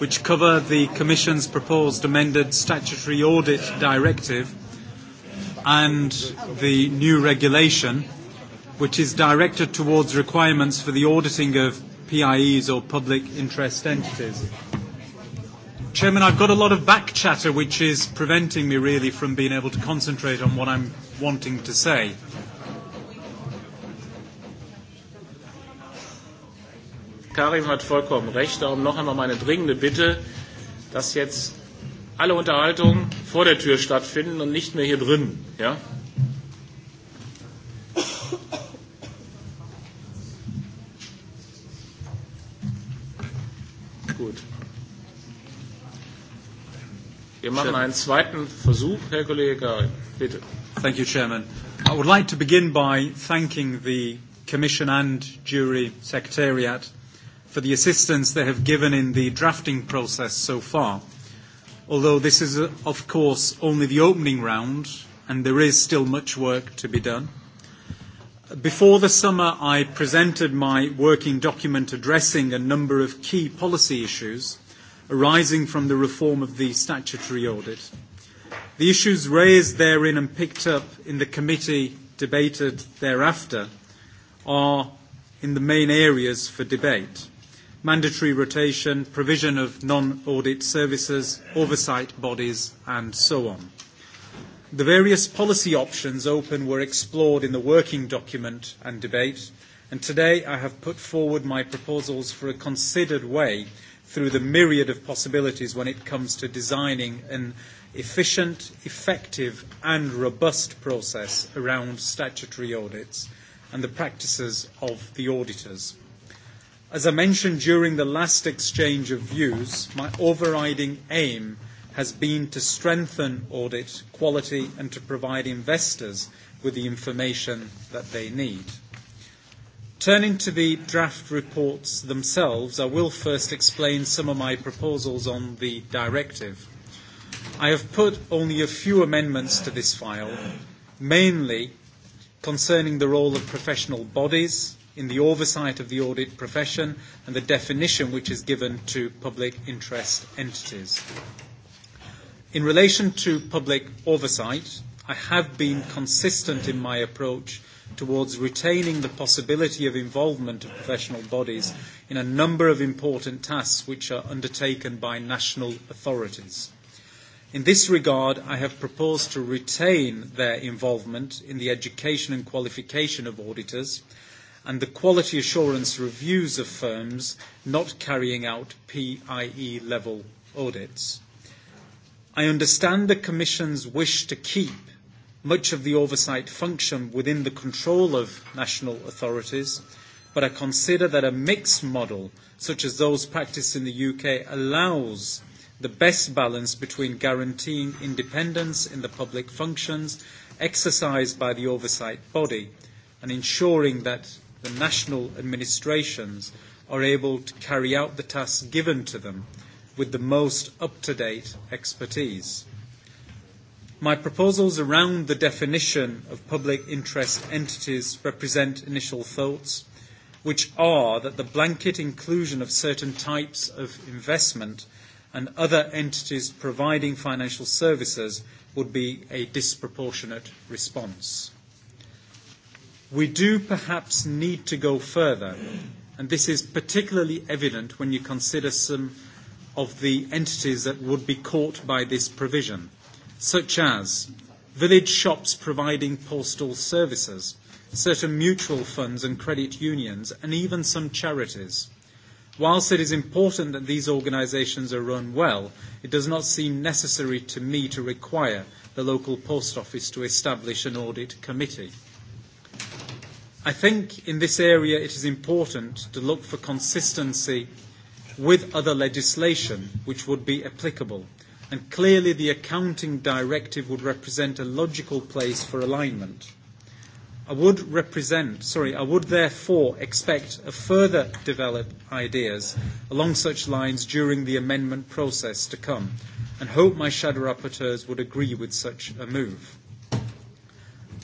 which cover the Commission's proposed amended statutory audit directive and the new regulation which is directed towards requirements for the auditing of PIEs or public interest entities. Chairman, I've got a lot of back chatter which is preventing me really from being able to concentrate on what I'm wanting to say. Karim hat vollkommen recht. Darum noch einmal meine dringende Bitte, dass jetzt alle Unterhaltungen vor der Tür stattfinden und nicht mehr hier drinnen. Ja? Gut. Wir machen einen zweiten Versuch, Herr Kollege Gary. Bitte. Thank you, Chairman. I would like to begin by thanking the Commission and Jury Secretariat for the assistance they have given in the drafting process so far. Although this is, of course, only the opening round, and there is still much work to be done. Before the summer, I presented my working document addressing a number of key policy issues arising from the reform of the statutory audit. The issues raised therein and picked up in the committee debated thereafter are in the main areas for debate mandatory rotation, provision of non audit services, oversight bodies, and so on. The various policy options open were explored in the working document and debate, and today I have put forward my proposals for a considered way through the myriad of possibilities when it comes to designing an efficient, effective, and robust process around statutory audits and the practices of the auditors. As I mentioned during the last exchange of views, my overriding aim has been to strengthen audit quality and to provide investors with the information that they need. Turning to the draft reports themselves, I will first explain some of my proposals on the directive. I have put only a few amendments to this file, mainly concerning the role of professional bodies in the oversight of the audit profession and the definition which is given to public interest entities. In relation to public oversight, I have been consistent in my approach towards retaining the possibility of involvement of professional bodies in a number of important tasks which are undertaken by national authorities. In this regard, I have proposed to retain their involvement in the education and qualification of auditors and the quality assurance reviews of firms not carrying out PIE level audits. I understand the Commission's wish to keep much of the oversight function within the control of national authorities, but I consider that a mixed model, such as those practiced in the UK, allows the best balance between guaranteeing independence in the public functions exercised by the oversight body and ensuring that the national administrations are able to carry out the tasks given to them with the most up-to-date expertise. My proposals around the definition of public interest entities represent initial thoughts, which are that the blanket inclusion of certain types of investment and other entities providing financial services would be a disproportionate response. We do perhaps need to go further, and this is particularly evident when you consider some of the entities that would be caught by this provision, such as village shops providing postal services, certain mutual funds and credit unions, and even some charities. Whilst it is important that these organisations are run well, it does not seem necessary to me to require the local post office to establish an audit committee. I think in this area it is important to look for consistency with other legislation which would be applicable. And clearly, the accounting directive would represent a logical place for alignment. I would represent, sorry, I would therefore expect a further develop ideas along such lines during the amendment process to come, and hope my shadow rapporteurs would agree with such a move.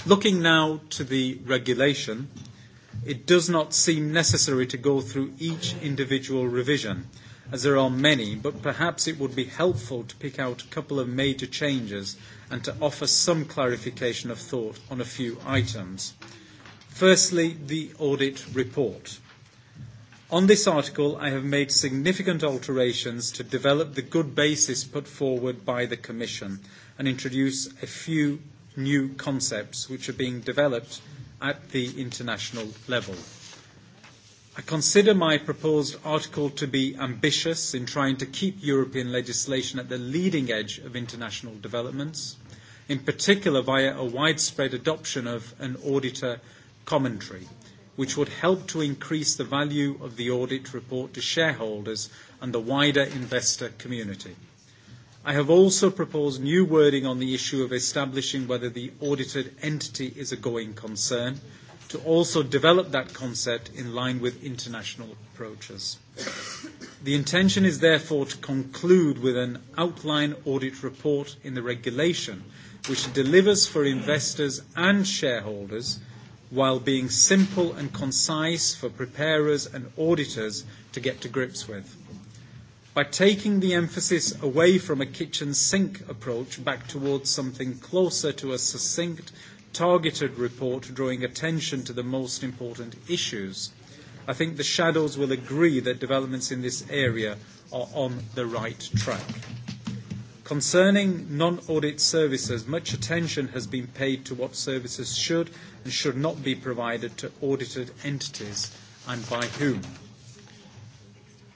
Looking now to the regulation, it does not seem necessary to go through each individual revision, as there are many, but perhaps it would be helpful to pick out a couple of major changes and to offer some clarification of thought on a few items. Firstly, the audit report. On this article, I have made significant alterations to develop the good basis put forward by the Commission and introduce a few new concepts which are being developed at the international level. I consider my proposed article to be ambitious in trying to keep European legislation at the leading edge of international developments, in particular via a widespread adoption of an auditor commentary, which would help to increase the value of the audit report to shareholders and the wider investor community. I have also proposed new wording on the issue of establishing whether the audited entity is a going concern to also develop that concept in line with international approaches. The intention is therefore to conclude with an outline audit report in the regulation which delivers for investors and shareholders while being simple and concise for preparers and auditors to get to grips with by taking the emphasis away from a kitchen sink approach back towards something closer to a succinct, targeted report drawing attention to the most important issues. I think the shadows will agree that developments in this area are on the right track. Concerning non-audit services, much attention has been paid to what services should and should not be provided to audited entities and by whom.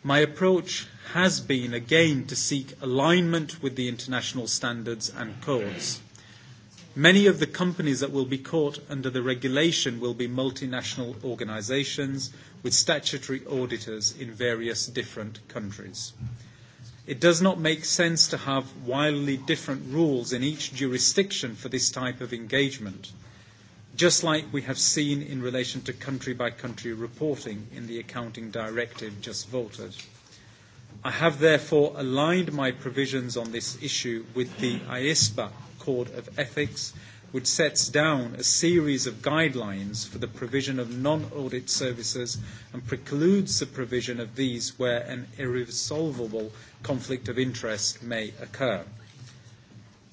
My approach has been again to seek alignment with the international standards and codes. Many of the companies that will be caught under the regulation will be multinational organisations with statutory auditors in various different countries. It does not make sense to have wildly different rules in each jurisdiction for this type of engagement, just like we have seen in relation to country by country reporting in the accounting directive just voted. I have therefore aligned my provisions on this issue with the IISPA Court of Ethics, which sets down a series of guidelines for the provision of non-audit services and precludes the provision of these where an irresolvable conflict of interest may occur.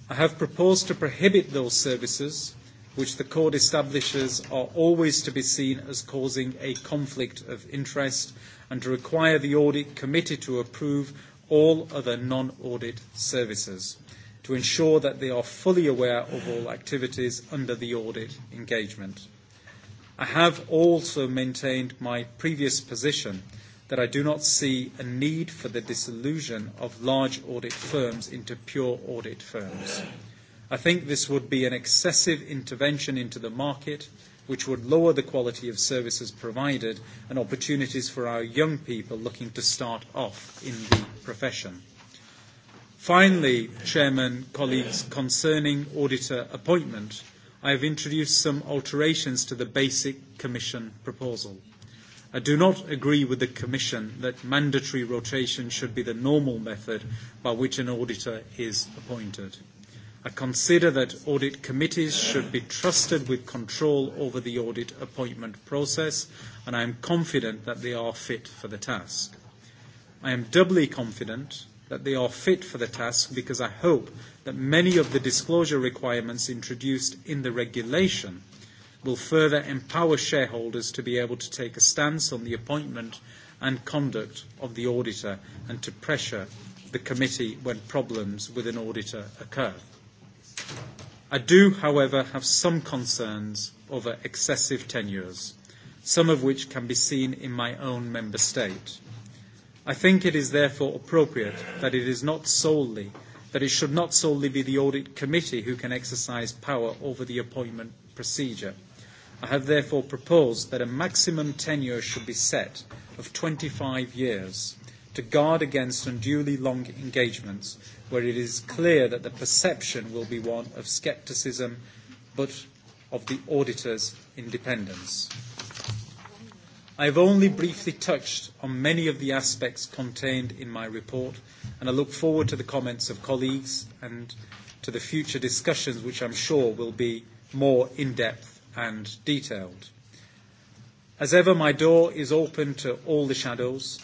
I have proposed to prohibit those services which the Court establishes are always to be seen as causing a conflict of interest and to require the audit committee to approve all other non-audit services to ensure that they are fully aware of all activities under the audit engagement. I have also maintained my previous position that I do not see a need for the dissolution of large audit firms into pure audit firms. I think this would be an excessive intervention into the market which would lower the quality of services provided and opportunities for our young people looking to start off in the profession. Finally, Chairman, colleagues, concerning auditor appointment, I have introduced some alterations to the basic Commission proposal. I do not agree with the Commission that mandatory rotation should be the normal method by which an auditor is appointed. I consider that audit committees should be trusted with control over the audit appointment process, and I am confident that they are fit for the task. I am doubly confident that they are fit for the task because I hope that many of the disclosure requirements introduced in the regulation will further empower shareholders to be able to take a stance on the appointment and conduct of the auditor and to pressure the committee when problems with an auditor occur. I do, however, have some concerns over excessive tenures, some of which can be seen in my own member state. I think it is therefore appropriate that it is not solely that it should not solely be the audit committee who can exercise power over the appointment procedure. I have therefore proposed that a maximum tenure should be set of 25 years to guard against unduly long engagements where it is clear that the perception will be one of scepticism but of the auditor's independence. I have only briefly touched on many of the aspects contained in my report, and I look forward to the comments of colleagues and to the future discussions, which I am sure will be more in-depth and detailed. As ever, my door is open to all the shadows,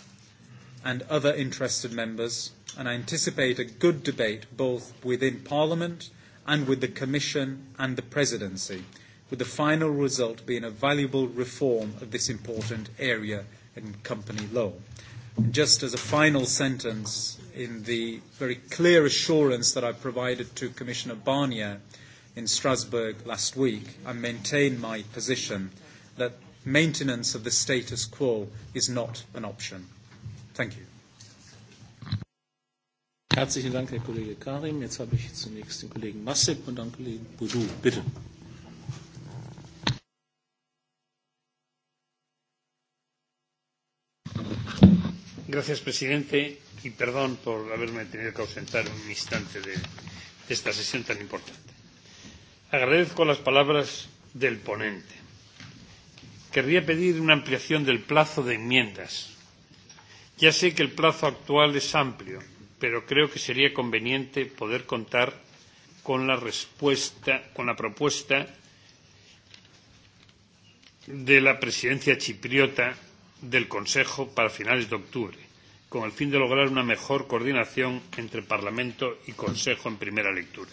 and other interested members, and I anticipate a good debate both within Parliament and with the Commission and the Presidency, with the final result being a valuable reform of this important area in company law. And just as a final sentence, in the very clear assurance that I provided to Commissioner Barnier in Strasbourg last week, I maintain my position that maintenance of the status quo is not an option. Thank you. Herzlichen Dank, Herr Kollege Karim. Jetzt habe ich zunächst den Kollegen Massip und dann Kollegen Boudou. Bitte. Gracias, presidente, y perdón por haberme tenido que ausentar un instante de, esta sesión tan importante. Agradezco las palabras del ponente. Querría pedir una ampliación del plazo de enmiendas Ya sé que el plazo actual es amplio, pero creo que sería conveniente poder contar con la respuesta, con la propuesta de la presidencia chipriota del Consejo para finales de octubre, con el fin de lograr una mejor coordinación entre Parlamento y Consejo en primera lectura.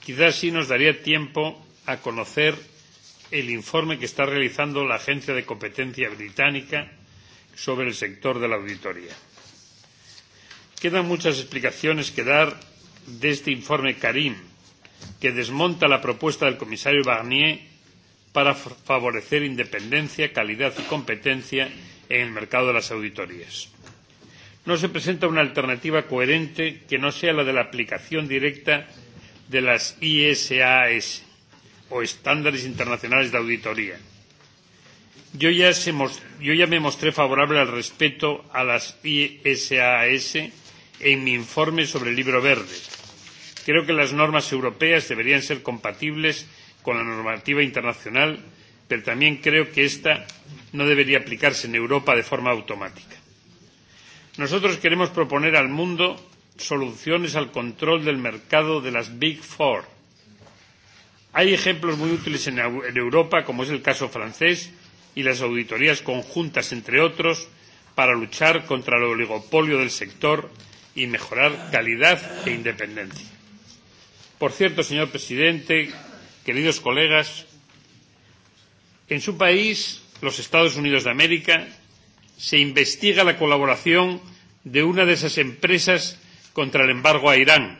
Quizás sí nos daría tiempo a conocer el informe que está realizando la Agencia de Competencia Británica sobre el sector de la auditoría. Quedan muchas explicaciones que dar de este informe Karim, que desmonta la propuesta del comisario Barnier para favorecer independencia, calidad y competencia en el mercado de las auditorías. No se presenta una alternativa coherente que no sea la de la aplicación directa de las ISAS o estándares internacionales de auditoría Yo ya, se, yo ya me mostré favorable al respeto a las ISAS en mi informe sobre el libro verde. Creo que las normas europeas deberían ser compatibles con la normativa internacional, pero también creo que esta no debería aplicarse en Europa de forma automática. Nosotros queremos proponer al mundo soluciones al control del mercado de las Big Four. Hay ejemplos muy útiles en Europa, como es el caso francés, y las auditorías conjuntas, entre otros, para luchar contra el oligopolio del sector y mejorar calidad e independencia. Por cierto, señor presidente, queridos colegas, en su país, los Estados Unidos de América, se investiga la colaboración de una de esas empresas contra el embargo a Irán.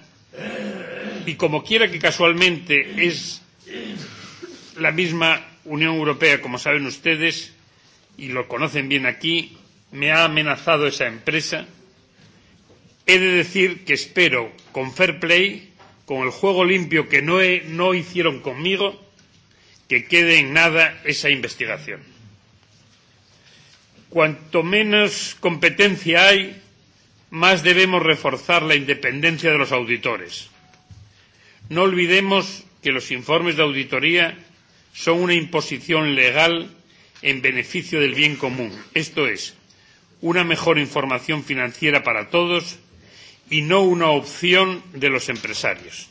Y como quiera que casualmente es la misma Unión Europea, como saben ustedes, y lo conocen bien aquí, me ha amenazado esa empresa. He de decir que espero, con fair play, con el juego limpio que no, he, no hicieron conmigo, que quede en nada esa investigación. Cuanto menos competencia hay, más debemos reforzar la independencia de los auditores. No olvidemos que los informes de auditoría son una imposición legal en beneficio del bien común, esto es, una mejor información financiera para todos y no una opción de los empresarios.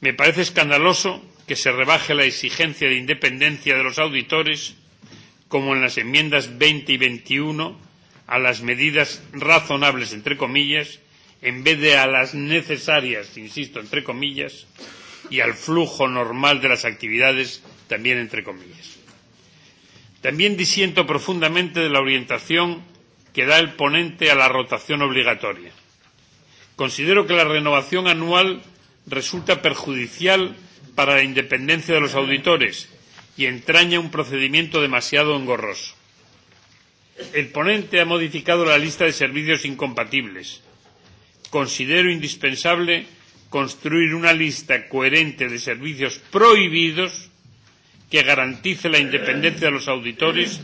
Me parece escandaloso que se rebaje la exigencia de independencia de los auditores, como en las enmiendas 20 y 21, a las medidas razonables, entre comillas, en vez de a las necesarias, insisto, entre comillas, y al flujo normal de las actividades, también entre comillas. También disiento profundamente de la orientación que da el ponente a la rotación obligatoria. Considero que la renovación anual resulta perjudicial para la independencia de los auditores y entraña un procedimiento demasiado engorroso. El ponente ha modificado la lista de servicios incompatibles. Considero indispensable construir una lista coherente de servicios prohibidos que garantice la independencia de los auditores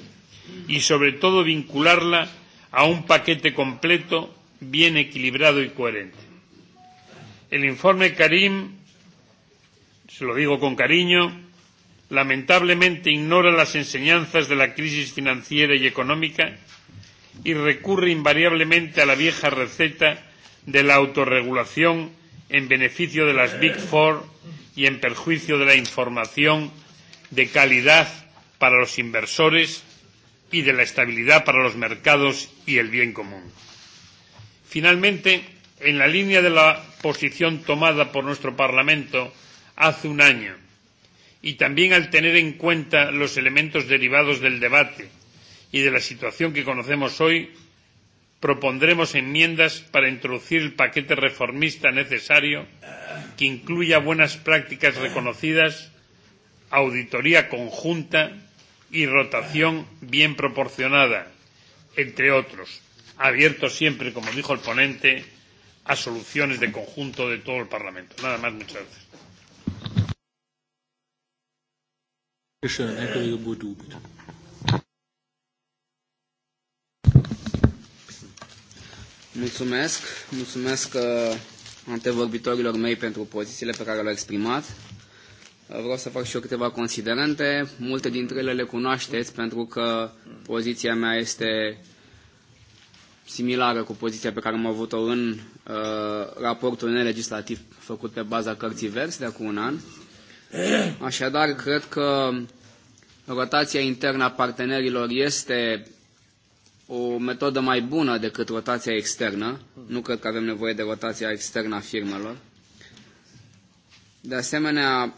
y, sobre todo, vincularla a un paquete completo, bien equilibrado y coherente. El informe Karim, se lo digo con cariño, lamentablemente ignora las enseñanzas de la crisis financiera y económica y recurre invariablemente a la vieja receta de la autorregulación en beneficio de las Big Four y en perjuicio de la información de calidad para los inversores y de la estabilidad para los mercados y el bien común. Finalmente, en la línea de la posición tomada por nuestro Parlamento hace un año y también al tener en cuenta los elementos derivados del debate y de la situación que conocemos hoy, propondremos enmiendas para introducir el paquete reformista necesario que incluya buenas prácticas reconocidas, auditoría conjunta y rotación bien proporcionada, entre otros, abierto siempre, como dijo el ponente, a soluciones de conjunto de todo el Parlamento. Nada más, muchas gracias. Mulțumesc. Mulțumesc uh, antevorbitorilor mei pentru pozițiile pe care le-au exprimat. Vreau să fac și eu câteva considerente. Multe dintre ele le cunoașteți pentru că poziția mea este similară cu poziția pe care am avut-o în uh, raportul nelegislativ făcut pe baza cărții verzi de acum un an. Așadar, cred că rotația internă a partenerilor este o metodă mai bună decât rotația externă. Nu cred că avem nevoie de rotația externă a firmelor. De asemenea,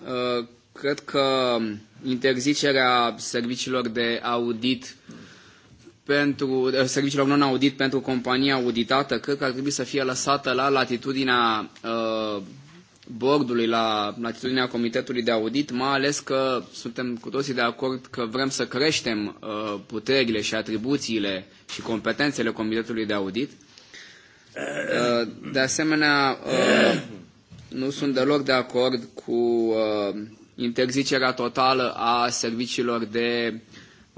cred că interzicerea serviciilor de audit pentru serviciilor non-audit pentru compania auditată, cred că ar trebui să fie lăsată la latitudinea bordului, la atitudinea Comitetului de Audit, mai ales că suntem cu toții de acord că vrem să creștem uh, puterile și atribuțiile și competențele Comitetului de Audit. Uh, de asemenea, uh, nu sunt deloc de acord cu uh, interzicerea totală a serviciilor de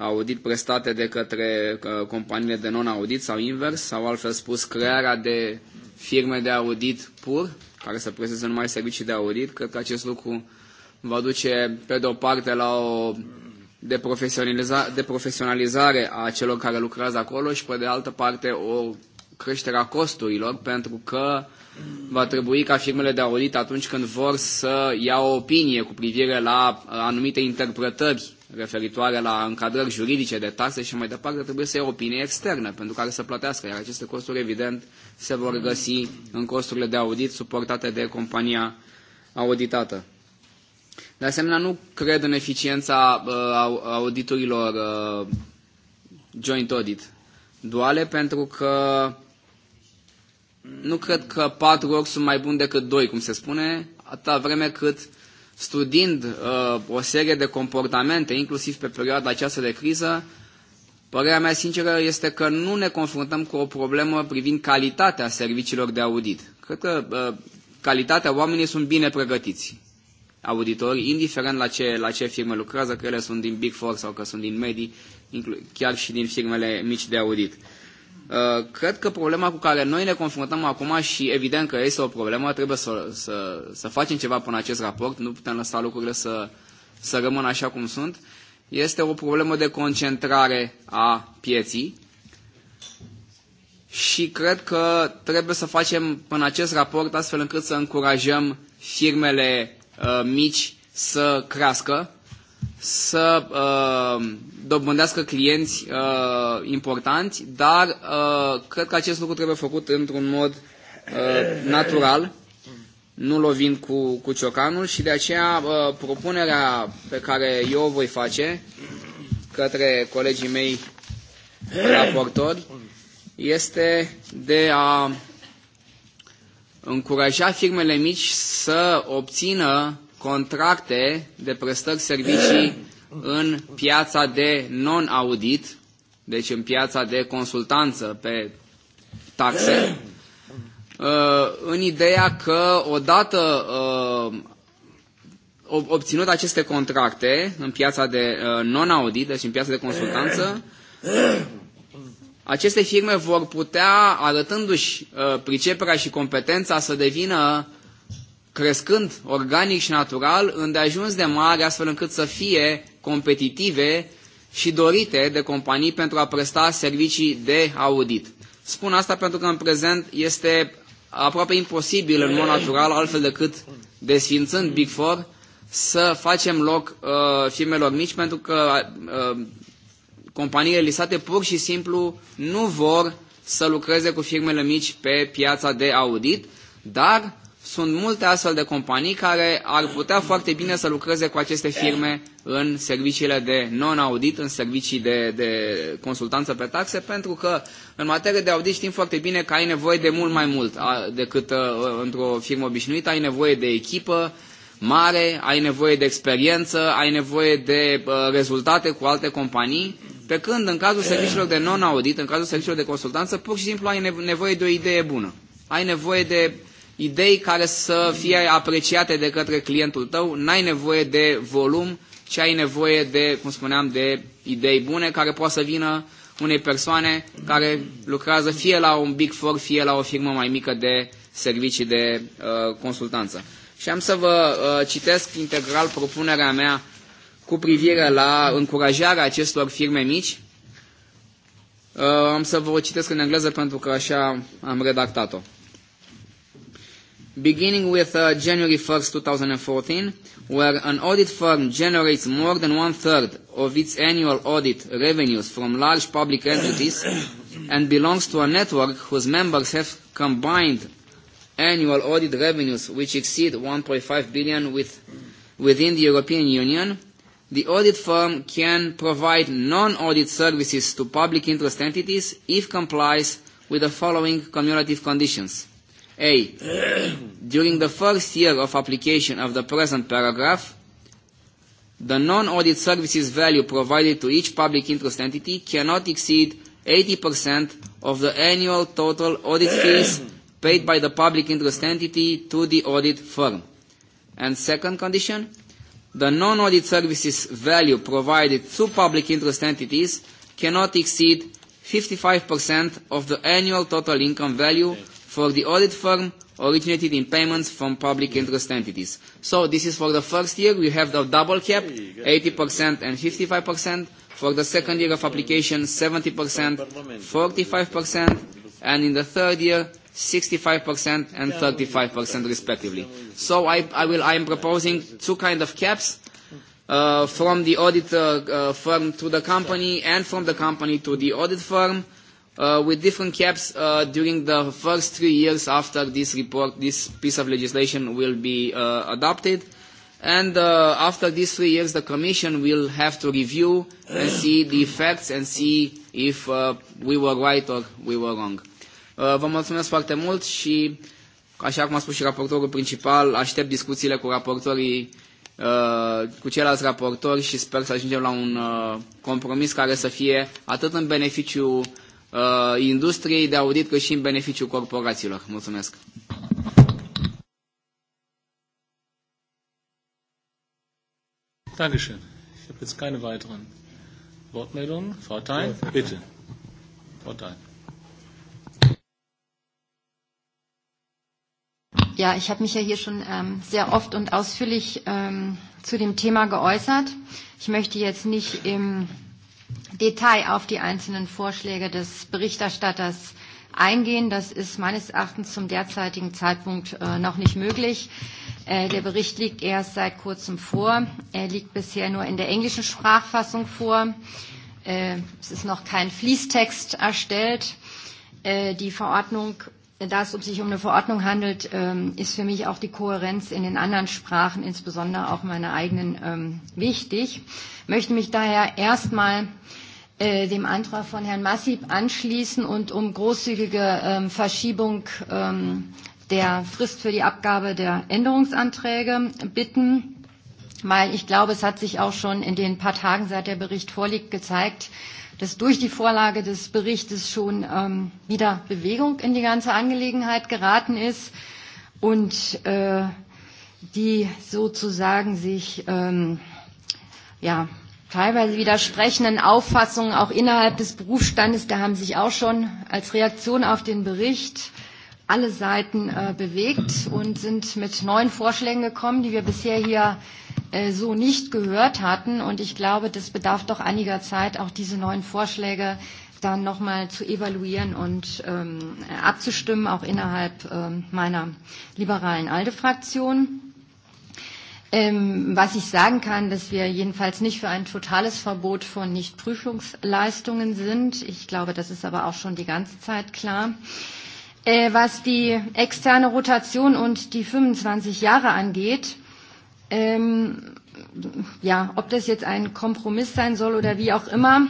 audit prestate de către companiile de non-audit sau invers, sau altfel spus crearea de firme de audit pur, care să presteze numai servicii de audit. Cred că acest lucru va duce, pe de o parte, la o deprofesionalizare a celor care lucrează acolo și, pe de altă parte, o creștere a costurilor, pentru că va trebui ca firmele de audit, atunci când vor să ia o opinie cu privire la anumite interpretări referitoare la încadrări juridice de taxe și mai departe, trebuie să ia opinie externă pentru care să plătească, iar aceste costuri, evident, se vor găsi în costurile de audit suportate de compania auditată. De asemenea, nu cred în eficiența uh, auditurilor uh, joint audit duale, pentru că nu cred că patru ori sunt mai buni decât doi, cum se spune, atâta vreme cât uh, studiind uh, o serie de comportamente, inclusiv pe perioada aceasta de criză, părerea mea sinceră este că nu ne confruntăm cu o problemă privind calitatea serviciilor de audit. Cred că uh, calitatea oamenii sunt bine pregătiți auditori, indiferent la ce, la ce firme lucrează, că ele sunt din Big Four sau că sunt din medii, chiar și din firmele mici de audit. Uh, Cred că problema cu care noi ne confruntăm acum și evident că este o problemă, trebuie să, să, să facem ceva până acest raport, nu putem lăsa lucrurile să, să rămână așa cum sunt, este o problemă de concentrare a pieții și cred că trebuie să facem în acest raport astfel încât să încurajăm firmele uh, mici să crească, să uh, dobândească clienți uh, importanți, dar uh, cred că acest lucru trebuie făcut într-un mod uh, natural, nu lovind cu, cu ciocanul și de aceea uh, propunerea pe care eu o voi face către colegii mei raportori este de a încuraja firmele mici să obțină contracte de prestări servicii în piața de non-audit, deci în piața de consultanță pe taxe, în ideea că odată obținut aceste contracte în piața de non-audit, deci în piața de consultanță, aceste firme vor putea, arătându-și priceperea și competența, să devină crescând organic și natural, îndeajuns de mari, astfel încât să fie competitive și dorite de companii pentru a presta servicii de audit. Spun asta pentru că în prezent este aproape imposibil în mod natural, altfel decât desfințând Big Four, să facem loc uh, firmelor mici pentru că uh, companiile listate pur și simplu nu vor să lucreze cu firmele mici pe piața de audit, dar sunt multe astfel de companii care ar putea foarte bine să lucreze cu aceste firme în serviciile de non-audit, în servicii de, de consultanță pe taxe, pentru că în materie de audit știm foarte bine că ai nevoie de mult mai mult decât într-o firmă obișnuită, ai nevoie de echipă mare, ai nevoie de experiență, ai nevoie de uh, rezultate cu alte companii, pe când în cazul serviciilor de non-audit, în cazul serviciilor de consultanță, pur și simplu ai nevoie de o idee bună. Ai nevoie de idei care să fie apreciate de către clientul tău. N-ai nevoie de volum, ci ai nevoie de, cum spuneam, de idei bune care poate să vină unei persoane care lucrează fie la un Big Four, fie la o firmă mai mică de servicii de uh, consultanță. Și am să vă uh, citesc integral propunerea mea cu privire la încurajarea acestor firme mici. Uh, am să vă o citesc în engleză pentru că așa am redactat-o beginning with uh, January 1st, 2014, where an audit firm generates more than one-third of its annual audit revenues from large public entities and belongs to a network whose members have combined annual audit revenues which exceed 1.5 billion with, within the European Union, the audit firm can provide non-audit services to public interest entities if complies with the following cumulative conditions A. During the first year of application of the present paragraph, the non-audit services value provided to each public interest entity cannot exceed 80% of the annual total audit fees paid by the public interest entity to the audit firm. And second condition, the non-audit services value provided to public interest entities cannot exceed 55% of the annual total income value for the audit firm originated in payments from public interest entities. So this is for the first year. We have the double cap, 80% and 55%. For the second year of application, 70%, 45%, and in the third year, 65% and 35% respectively. So I, I, will, I am proposing two kind of caps uh, from the audit uh, uh, firm to the company and from the company to the audit firm uh, with different caps uh, during the first three years after this report, this piece of legislation will be uh, adopted. And uh, after these three years, the Commission will have to review and see the effects and see if uh, we were right or we were wrong. Uh, vă mulțumesc foarte mult și, așa cum a spus și raportorul principal, aștept discuțiile cu raportorii cu ceilalți raportori și sper să ajungem la un compromis care să fie atât în beneficiu uh, industriei de audit, cât și în beneficiul corporațiilor. Mulțumesc! Dankeschön. Ich habe jetzt keine weiteren Wortmeldungen. Frau Thein, bitte. Frau Thein. Ja, ich habe mich ja hier schon ähm, sehr oft und ausführlich ähm, zu dem Thema geäußert. Ich möchte jetzt nicht im Detail auf die einzelnen Vorschläge des Berichterstatters eingehen. Das ist meines Erachtens zum derzeitigen Zeitpunkt noch nicht möglich. Der Bericht liegt erst seit kurzem vor. Er liegt bisher nur in der englischen Sprachfassung vor. Es ist noch kein Fließtext erstellt. Die Verordnung da es sich um eine Verordnung handelt, ist für mich auch die Kohärenz in den anderen Sprachen, insbesondere auch meiner eigenen, wichtig. Ich möchte mich daher erstmal dem Antrag von Herrn Massib anschließen und um großzügige Verschiebung der Frist für die Abgabe der Änderungsanträge bitten, weil ich glaube, es hat sich auch schon in den paar Tagen, seit der Bericht vorliegt, gezeigt, dass durch die Vorlage des Berichtes schon ähm, wieder Bewegung in die ganze Angelegenheit geraten ist und äh, die sozusagen sich ähm, ja, teilweise widersprechenden Auffassungen auch innerhalb des Berufsstandes, da haben sich auch schon als Reaktion auf den Bericht alle Seiten äh, bewegt und sind mit neuen Vorschlägen gekommen, die wir bisher hier so nicht gehört hatten. Und ich glaube, das bedarf doch einiger Zeit, auch diese neuen Vorschläge dann nochmal zu evaluieren und ähm, abzustimmen, auch innerhalb ähm, meiner liberalen ALDE-Fraktion. Ähm, was ich sagen kann, dass wir jedenfalls nicht für ein totales Verbot von Nichtprüfungsleistungen sind. Ich glaube, das ist aber auch schon die ganze Zeit klar. Äh, was die externe Rotation und die 25 Jahre angeht, Ähm, ja, ob das jetzt ein Kompromiss sein soll oder wie auch immer,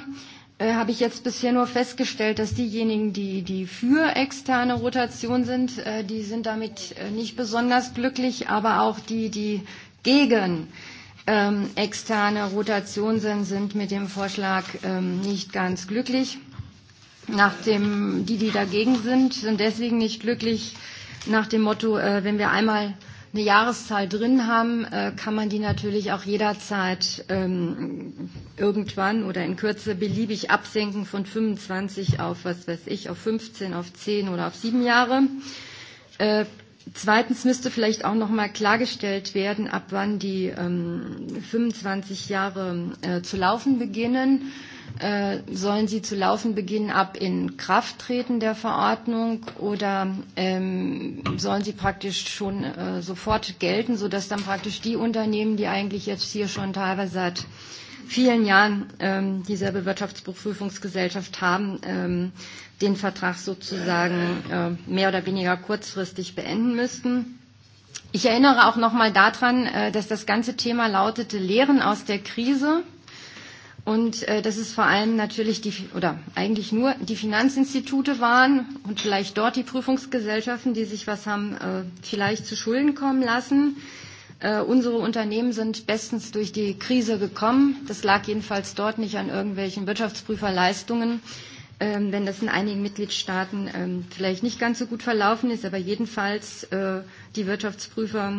äh, habe ich jetzt bisher nur festgestellt, dass diejenigen, die, die für externe Rotation sind, äh, die sind damit äh, nicht besonders glücklich, aber auch die, die gegen ähm, externe Rotation sind, sind mit dem Vorschlag ähm, nicht ganz glücklich. Nach dem, die, die dagegen sind, sind deswegen nicht glücklich nach dem Motto, äh, wenn wir einmal eine Jahreszahl drin haben, äh, kann man die natürlich auch jederzeit ähm, irgendwann oder in Kürze beliebig absenken von 25 auf, was weiß ich, auf 15, auf 10 oder auf 7 Jahre. Äh, Zweitens müsste vielleicht auch noch mal klargestellt werden, ab wann die ähm, 25 Jahre äh, zu laufen beginnen sollen sie zu laufen beginnen ab in treten der Verordnung oder ähm, sollen sie praktisch schon äh, sofort gelten, sodass dann praktisch die Unternehmen, die eigentlich jetzt hier schon teilweise seit vielen Jahren ähm, dieselbe Wirtschaftsprüfungsgesellschaft haben, ähm, den Vertrag sozusagen äh, mehr oder weniger kurzfristig beenden müssten. Ich erinnere auch noch mal daran, äh, dass das ganze Thema lautete Lehren aus der Krise. Und äh, dass es vor allem natürlich die, oder eigentlich nur die Finanzinstitute waren und vielleicht dort die Prüfungsgesellschaften, die sich was haben äh, vielleicht zu Schulden kommen lassen. Äh, unsere Unternehmen sind bestens durch die Krise gekommen. Das lag jedenfalls dort nicht an irgendwelchen Wirtschaftsprüferleistungen. Äh, wenn das in einigen Mitgliedstaaten vielleicht nicht ganz so gut verlaufen ist, aber jedenfalls die Wirtschaftsprüfer,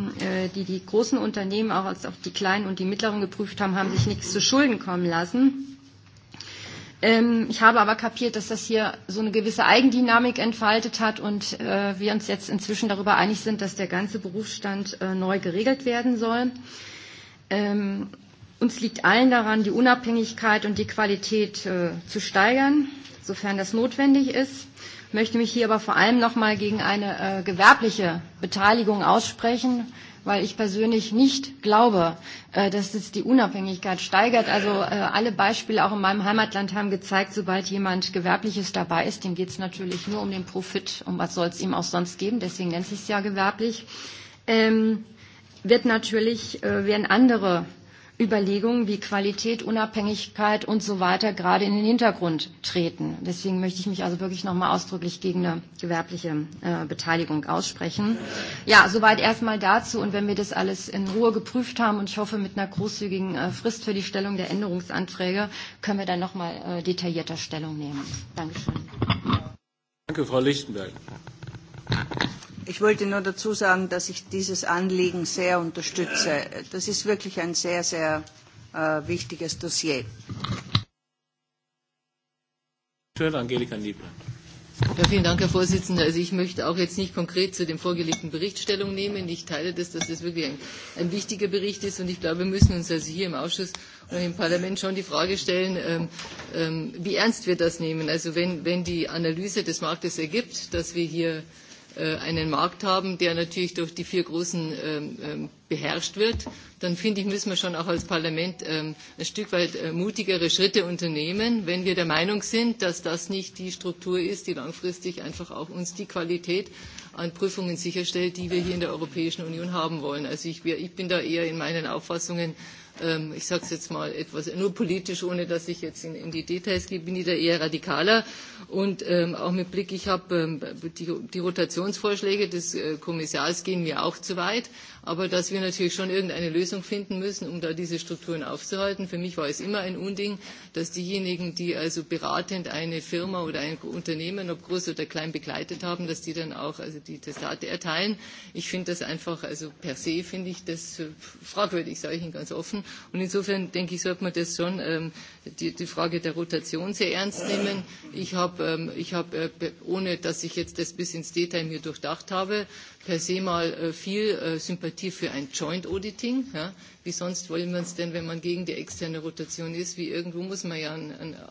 die die großen Unternehmen auch als auch die kleinen und die mittleren geprüft haben, haben sich nichts zu Schulden kommen lassen. Ich habe aber kapiert, dass das hier so eine gewisse Eigendynamik entfaltet hat und wir uns jetzt inzwischen darüber einig sind, dass der ganze Berufsstand neu geregelt werden soll. Uns liegt allen daran, die Unabhängigkeit und die Qualität zu steigern sofern das notwendig ist. Ich möchte mich hier aber vor allem nochmal gegen eine äh, gewerbliche Beteiligung aussprechen, weil ich persönlich nicht glaube, äh, dass es die Unabhängigkeit steigert. Also äh, alle Beispiele auch in meinem Heimatland haben gezeigt, sobald jemand Gewerbliches dabei ist, dem geht es natürlich nur um den Profit. Um was soll es ihm auch sonst geben? Deswegen nennt sich es ja gewerblich. Ähm, wird natürlich, äh, werden andere Überlegungen wie Qualität, Unabhängigkeit und so weiter gerade in den Hintergrund treten. Deswegen möchte ich mich also wirklich nochmal ausdrücklich gegen eine gewerbliche äh, Beteiligung aussprechen. Ja, soweit erstmal dazu. Und wenn wir das alles in Ruhe geprüft haben und ich hoffe mit einer großzügigen äh, Frist für die Stellung der Änderungsanträge, können wir dann nochmal äh, detaillierter Stellung nehmen. Dankeschön. Danke, Frau Lichtenberg. Ich wollte nur dazu sagen, dass ich dieses Anliegen sehr unterstütze. Das ist wirklich ein sehr, sehr wichtiges Dossier. Angelika Herr Vorsitzender. Also ich möchte auch jetzt nicht konkret zu dem vorgelegten Bericht Stellung nehmen. Ich teile das, dass das wirklich ein, wichtiger Bericht ist. Und ich glaube, wir müssen uns also hier im Ausschuss und im Parlament schon die Frage stellen, wie ernst wir das nehmen. Also wenn, die Analyse des Marktes ergibt, dass wir hier einen Markt haben, der natürlich durch die vier Großen beherrscht wird, dann finde ich, müssen wir schon auch als Parlament ein Stück weit mutigere Schritte unternehmen, wenn wir der Meinung sind, dass das nicht die Struktur ist, die langfristig einfach auch uns die Qualität an Prüfungen sicherstellt, die wir hier in der Europäischen Union haben wollen. Also ich, bin da eher in meinen Auffassungen ich sage es jetzt mal etwas nur politisch, ohne dass ich jetzt in, in die Details gehe, bin ich da eher radikaler. Und ähm, auch mit Blick, ich habe ähm, die, die Rotationsvorschläge des äh, Kommissars gehen mir auch zu weit, aber dass wir natürlich schon irgendeine Lösung finden müssen, um da diese Strukturen aufzuhalten. Für mich war es immer ein Unding, dass diejenigen, die also beratend eine Firma oder ein Unternehmen, ob groß oder klein, begleitet haben, dass die dann auch also die Testate erteilen. Ich finde das einfach, also per se finde ich das fragwürdig, sage ich Ihnen ganz offen Und insofern denke ich, sollte man das schon ähm, die, die Frage der Rotation sehr ernst nehmen. Ich habe, ähm, hab, äh, ohne dass ich jetzt das bis ins Detail mir durchdacht habe, per se mal viel Sympathie für ein Joint Auditing. Ja? Wie sonst wollen wir es denn, wenn man gegen die externe Rotation ist? Wie irgendwo muss man ja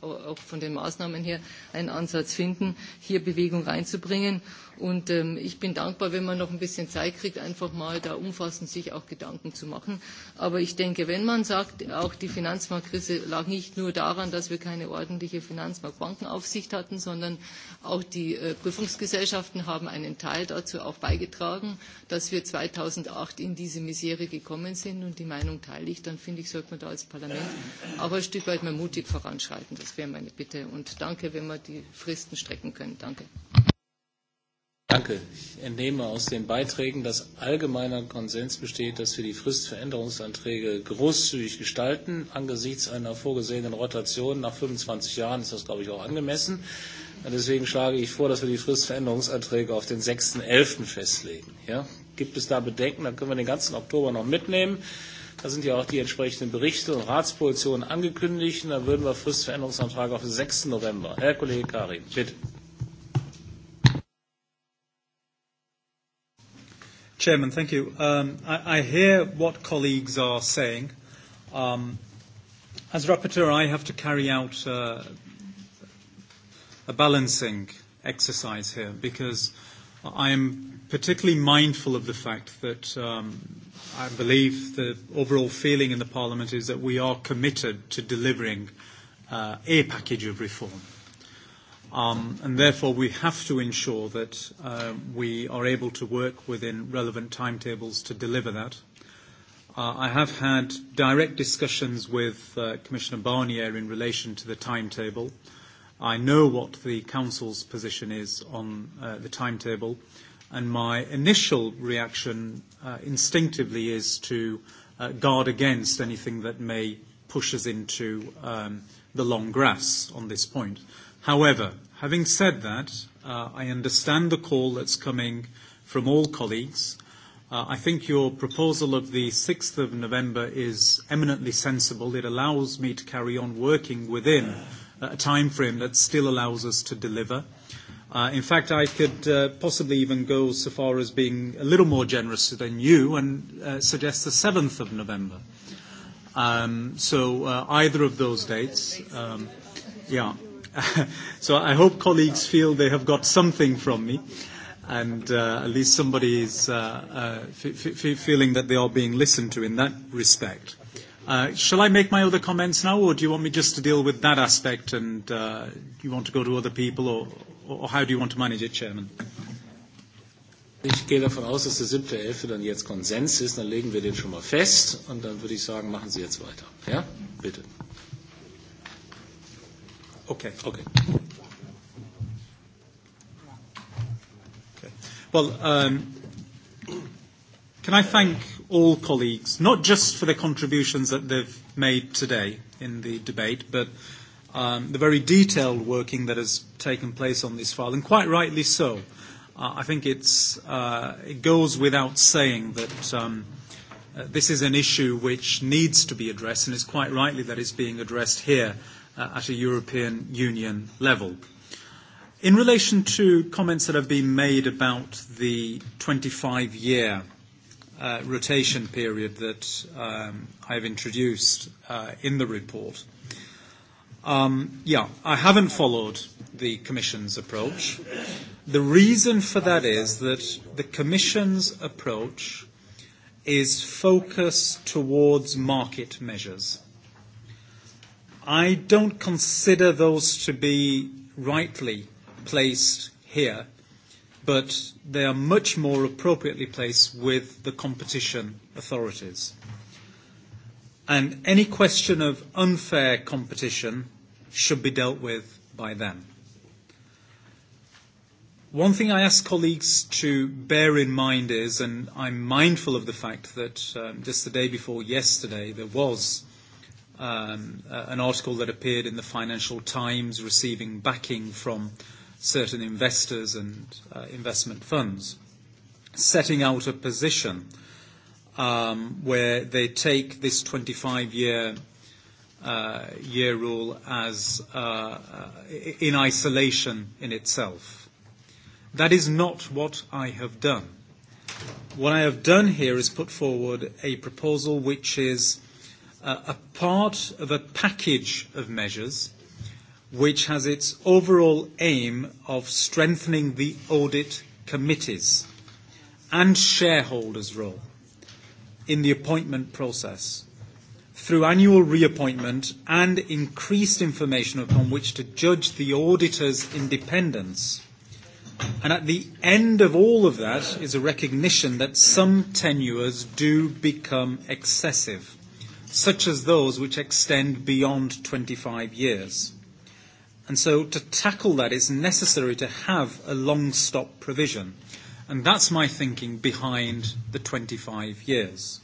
auch von den Maßnahmen her einen Ansatz finden, hier Bewegung reinzubringen. Und ich bin dankbar, wenn man noch ein bisschen Zeit kriegt, einfach mal da umfassend sich auch Gedanken zu machen. Aber ich denke, wenn man sagt, auch die Finanzmarktkrise lag nicht nur daran, dass wir keine ordentliche Finanzmarktbankenaufsicht hatten, sondern auch die Prüfungsgesellschaften haben einen Teil dazu auch beigetragen beigetragen, dass wir 2008 in diese Misere gekommen sind. Und die Meinung teile ich. Dann finde ich, sollte man da als Parlament auch ein Stück weit mehr mutig voranschreiten. Das wäre meine Bitte. Und danke, wenn wir die Fristen strecken können. Danke. Danke. Ich entnehme aus den Beiträgen, dass allgemeiner Konsens besteht, dass wir die Frist für Änderungsanträge großzügig gestalten. Angesichts einer vorgesehenen Rotation nach 25 Jahren ist das, glaube ich, auch angemessen. Deswegen schlage ich vor, dass wir die Fristveränderungsanträge auf den 6.11. festlegen. Ja? Gibt es da Bedenken? Dann können wir den ganzen Oktober noch mitnehmen. Da sind ja auch die entsprechenden Berichte und Ratspositionen angekündigt. Und dann würden wir Fristveränderungsanträge auf den 6. November. Herr Kollege Karin, bitte. Chairman, thank you. Um, I, I hear what colleagues are saying. Um, as rapporteur, I have to carry out uh, a balancing exercise here because I am particularly mindful of the fact that um, I believe the overall feeling in the Parliament is that we are committed to delivering uh, a package of reform. Um, and therefore, we have to ensure that uh, we are able to work within relevant timetables to deliver that. Uh, I have had direct discussions with uh, Commissioner Barnier in relation to the timetable. Uh, I know what the Council's position is on uh, the timetable, and my initial reaction uh, instinctively is to uh, guard against anything that may push us into um, the long grass on this point. However, having said that, uh, I understand the call that's coming from all colleagues. Uh, I think your proposal of the 6th of November is eminently sensible. It allows me to carry on working within a timeframe that still allows us to deliver. In fact, I could possibly even go so far as being a little more generous than you and suggest the seventh of November. So either of those dates. Yeah. So I hope colleagues feel they have got something from me, and at least somebody is feeling that they are being listened to in that respect. Uh, shall I make my other comments now, or do you want me just to deal with that aspect and uh, you want to go to other people, or, how do you want to manage it, Chairman? Ich gehe davon aus, dass der siebte Elfte dann jetzt Konsens ist, dann legen wir den schon mal fest und dann würde ich sagen, machen Sie jetzt weiter. Ja? Bitte. Okay. Okay. Well, can I thank all colleagues, not just for the contributions that they've made today in the debate, but um, the very detailed working that has taken place on this file, and quite rightly so. Uh, I think it's, uh, it goes without saying that um, uh, this is an issue which needs to be addressed, and it's quite rightly that it's being addressed here uh, at a European Union level. In relation to comments that have been made about the 25 year rotation period that I've introduced in the report. yeah, I haven't followed the Commission's approach. The reason for that is that the Commission's approach is focused towards market measures. I don't consider those to be rightly placed here but they are much more appropriately placed with the competition authorities. And any question of unfair competition should be dealt with by them. One thing I ask colleagues to bear in mind is, and I'm mindful of the fact that um, just the day before yesterday there was um, an article that appeared in the Financial Times receiving backing from uh, certain investors and uh, investment funds, setting out a position um, where they take this 25 year uh, year rule as uh, in isolation in itself. That is not what I have done. What I have done here is put forward a proposal which is uh, a part of a package of measures which has its overall aim of strengthening the audit committees and shareholders' role in the appointment process through annual reappointment and increased information upon which to judge the auditor's independence. And at the end of all of that is a recognition that some tenures do become excessive, such as those which extend beyond 25 years. And so to tackle that, it's necessary to have a long stop provision. And that's my thinking behind the 25 years.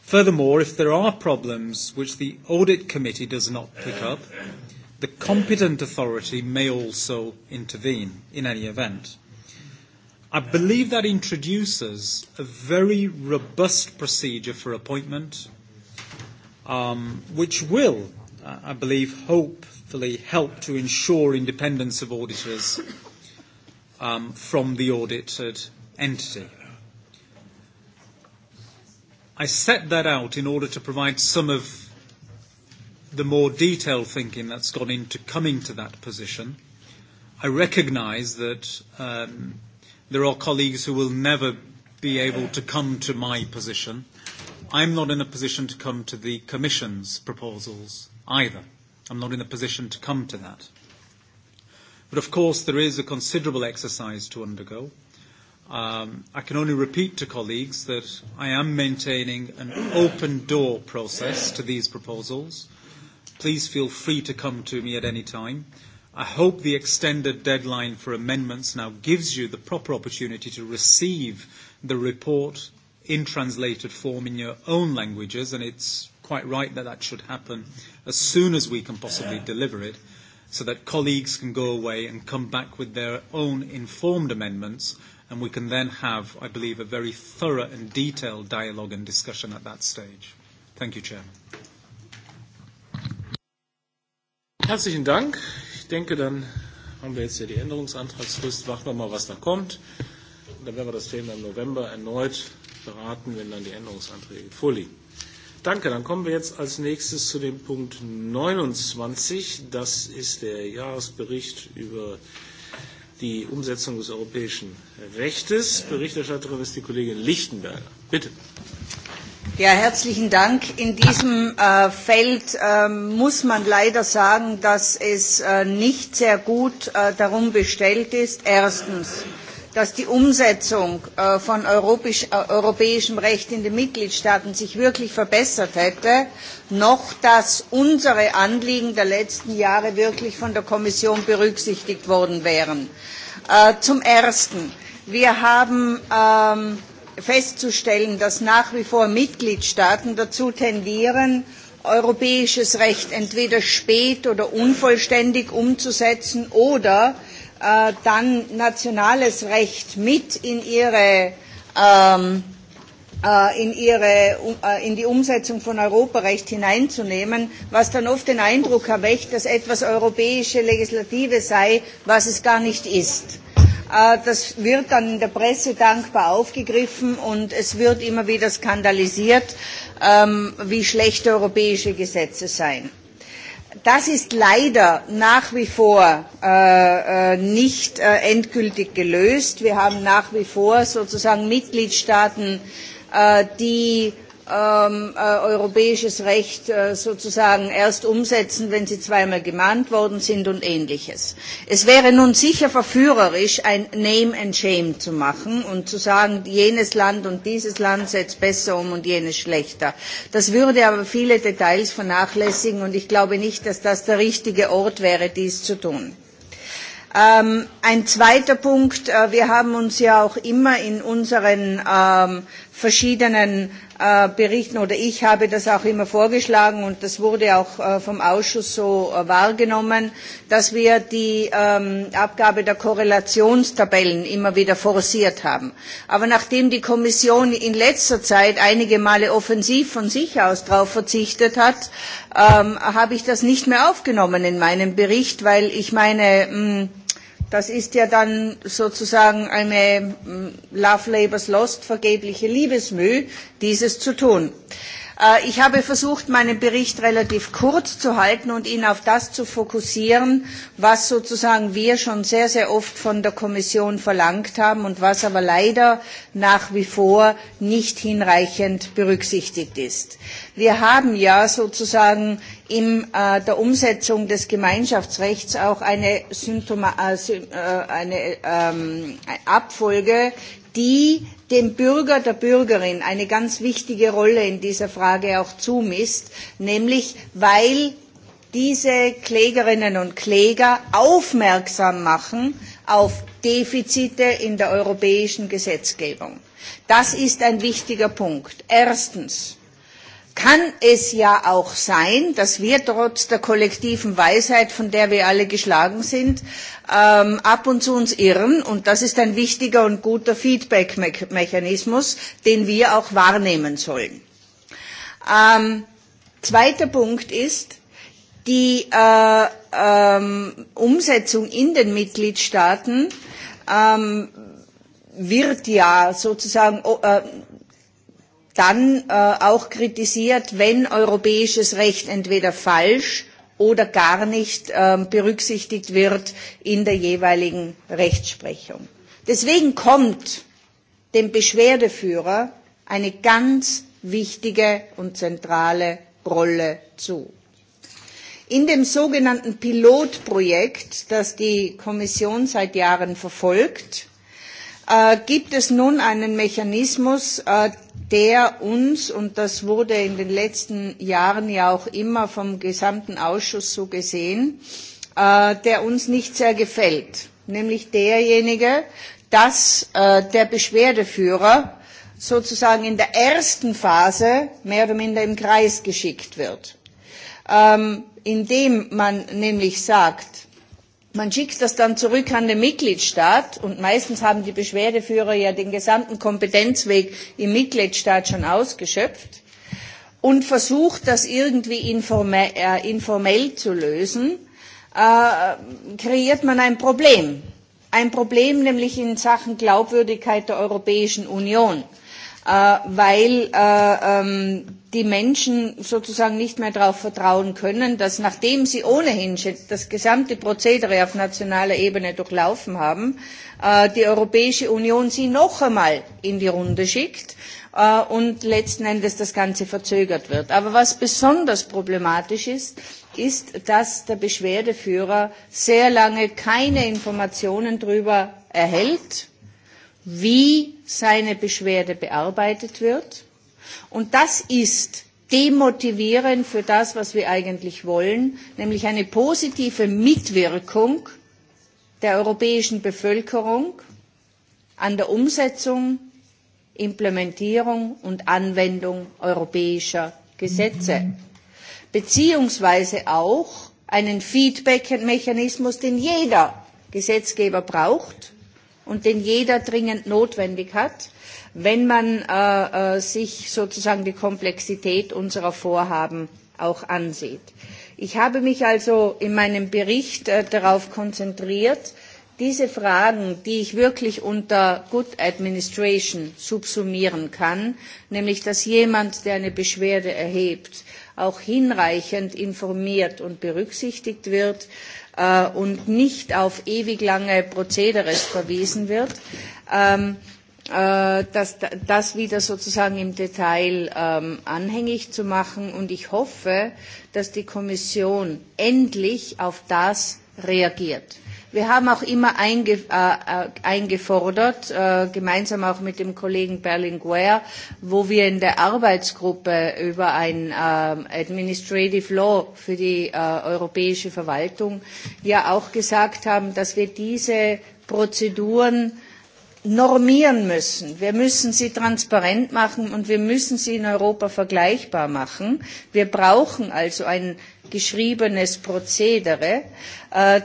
Furthermore, if there are problems which the Audit Committee does not pick up, the competent authority may also intervene in any event. I believe that introduces a very robust procedure for appointment, um, which will, I believe, hope meaningfully help to ensure independence of auditors um, from the audited entity. I set that out in order to provide some of the more detailed thinking that's gone into coming to that position. I recognise that um, there are colleagues who will never be able to come to my position. I'm not in a position to come to the Commission's proposals either. I'm not in a position to come to that. But of course, there is a considerable exercise to undergo. Um, I can only repeat to colleagues that I am maintaining an open door process to these proposals. Please feel free to come to me at any time. I hope the extended deadline for amendments now gives you the proper opportunity to receive the report in translated form in your own languages, and it's quite right that that should happen as soon as we can possibly deliver it so that colleagues can go away and come back with their own informed amendments and we can then have, I believe, a very thorough and detailed dialogue and discussion at that stage. Thank you, Chairman. Herzlichen Dank. Ich denke, dann haben wir jetzt hier die Änderungsantragsfrist. Warten wir mal, was da kommt. Und dann werden wir das Thema im November erneut beraten, wenn dann die Änderungsanträge vorliegen. Danke, dann kommen wir jetzt als nächstes zu dem Punkt 29. Das ist der Jahresbericht über die Umsetzung des europäischen Rechtes. Berichterstatterin ist die Kollegin Lichtenberger. Bitte. Ja, herzlichen Dank. In diesem Feld muss man leider sagen, dass es nicht sehr gut darum bestellt ist. Erstens dass die Umsetzung von europäischem Recht in den Mitgliedstaaten sich wirklich verbessert hätte, noch dass unsere Anliegen der letzten Jahre wirklich von der Kommission berücksichtigt worden wären. Zum Ersten. Wir haben festzustellen, dass nach wie vor Mitgliedstaaten dazu tendieren, europäisches Recht entweder spät oder unvollständig umzusetzen oder dann nationales Recht mit in ihre ähm, in, ihre, in die Umsetzung von Europarecht hineinzunehmen, was dann oft den Eindruck erweckt, dass etwas europäische Legislative sei, was es gar nicht ist. Das wird dann in der Presse dankbar aufgegriffen und es wird immer wieder skandalisiert, wie schlecht europäische Gesetze seien. Das ist leider nach wie vor nicht endgültig gelöst. Wir haben nach wie vor sozusagen Mitgliedstaaten, die europäisches Recht sozusagen erst umsetzen, wenn sie zweimal gemahnt worden sind und ähnliches. Es wäre nun sicher verführerisch, ein Name and Shame zu machen und zu sagen, jenes Land und dieses Land setzt besser um und jenes schlechter. Das würde aber viele Details vernachlässigen und ich glaube nicht, dass das der richtige Ort wäre, dies zu tun ein zweiter Punkt. Wir haben uns ja auch immer in unseren verschiedenen berichten oder ich habe das auch immer vorgeschlagen und das wurde auch vom Ausschuss so wahrgenommen, dass wir die Abgabe der Korrelationstabellen immer wieder forciert haben. Aber nachdem die Kommission in letzter Zeit einige Male offensiv von sich aus darauf verzichtet hat, habe ich das nicht mehr aufgenommen in meinem Bericht, weil ich meine, Das ist ja dann sozusagen eine Love Labors Lost, vergebliche Liebesmüh, dieses zu tun. Ich habe versucht, meinen Bericht relativ kurz zu halten und ihn auf das zu fokussieren, was sozusagen wir schon sehr, sehr oft von der Kommission verlangt haben und was aber leider nach wie vor nicht hinreichend berücksichtigt ist. Wir haben ja sozusagen in der Umsetzung des Gemeinschaftsrechts auch eine, Abfolge, die dem Bürger, der Bürgerin eine ganz wichtige Rolle in dieser Frage auch zumisst, nämlich weil diese Klägerinnen und Kläger aufmerksam machen auf Defizite in der europäischen Gesetzgebung. Das ist ein wichtiger Punkt. Erstens kann es ja auch sein, dass wir trotz der kollektiven Weisheit, von der wir alle geschlagen sind, ähm, ab und zu uns irren. Und das ist ein wichtiger und guter Feedback-Mechanismus, den wir auch wahrnehmen sollen. Ähm, zweiter Punkt ist, die äh, ähm, Umsetzung in den Mitgliedstaaten ähm, wird ja sozusagen dann auch kritisiert, wenn europäisches Recht entweder falsch oder gar nicht berücksichtigt wird in der jeweiligen Rechtsprechung. Deswegen kommt dem Beschwerdeführer eine ganz wichtige und zentrale Rolle zu. In dem sogenannten Pilotprojekt, das die Kommission seit Jahren verfolgt, gibt es nun einen Mechanismus, der uns, und das wurde in den letzten Jahren ja auch immer vom gesamten Ausschuss so gesehen, der uns nicht sehr gefällt, nämlich derjenige, dass der Beschwerdeführer sozusagen in der ersten Phase mehr oder minder im Kreis geschickt wird, indem man nämlich sagt, Man schickt das dann zurück an den Mitgliedstaat und meistens haben die Beschwerdeführer ja den gesamten Kompetenzweg im Mitgliedstaat schon ausgeschöpft und versucht das irgendwie informell zu lösen, kreiert man ein Problem. Ein Problem nämlich in Sachen Glaubwürdigkeit der Europäischen Union, weil die Menschen sozusagen nicht mehr darauf vertrauen können, dass nachdem sie ohnehin das gesamte Prozedere auf nationaler Ebene durchlaufen haben, die Europäische Union sie noch einmal in die Runde schickt und letzten Endes das Ganze verzögert wird. Aber was besonders problematisch ist, ist, dass der Beschwerdeführer sehr lange keine Informationen darüber erhält, wie seine Beschwerde bearbeitet wird Und das ist demotivierend für das, was wir eigentlich wollen, nämlich eine positive Mitwirkung der europäischen Bevölkerung an der Umsetzung, Implementierung und Anwendung europäischer Gesetze, beziehungsweise auch einen Feedback-Mechanismus, den jeder Gesetzgeber braucht und den jeder dringend notwendig hat, wenn man sich sozusagen die Komplexität unserer Vorhaben auch ansieht. Ich habe mich also in meinem Bericht darauf konzentriert, diese Fragen, die ich wirklich unter Good Administration subsumieren kann, nämlich dass jemand, der eine Beschwerde erhebt, auch hinreichend informiert und berücksichtigt wird und nicht auf ewig lange Prozedere verwiesen wird, das, das wieder sozusagen im Detail anhängig zu machen. Und ich hoffe, dass die Kommission endlich auf das reagiert. Wir haben auch immer eingefordert, gemeinsam auch mit dem Kollegen Berlinguer, wo wir in der Arbeitsgruppe über ein Administrative Law für die europäische Verwaltung ja auch gesagt haben, dass wir diese Prozeduren normieren müssen. Wir müssen sie transparent machen und wir müssen sie in Europa vergleichbar machen. Wir brauchen also ein geschriebenes Prozedere,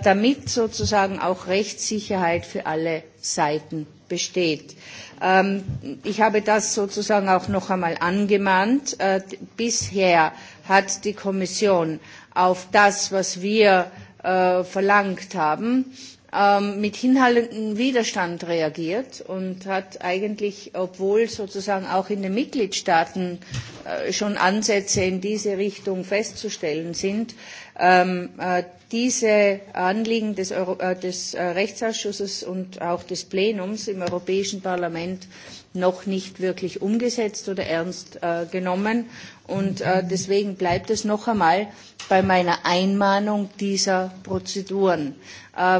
damit sozusagen auch Rechtssicherheit für alle Seiten besteht. Ich habe das sozusagen auch noch einmal angemahnt. Bisher hat die Kommission auf das, was wir verlangt haben, mit hinhaltendem Widerstand reagiert und hat eigentlich, obwohl sozusagen auch in den Mitgliedstaaten schon Ansätze in diese Richtung festzustellen sind, diese Anliegen des, Rechtsausschusses und auch des Plenums im Europäischen Parlament noch nicht wirklich umgesetzt oder ernst genommen. Und deswegen bleibt es noch einmal bei meiner Einmahnung dieser Prozeduren.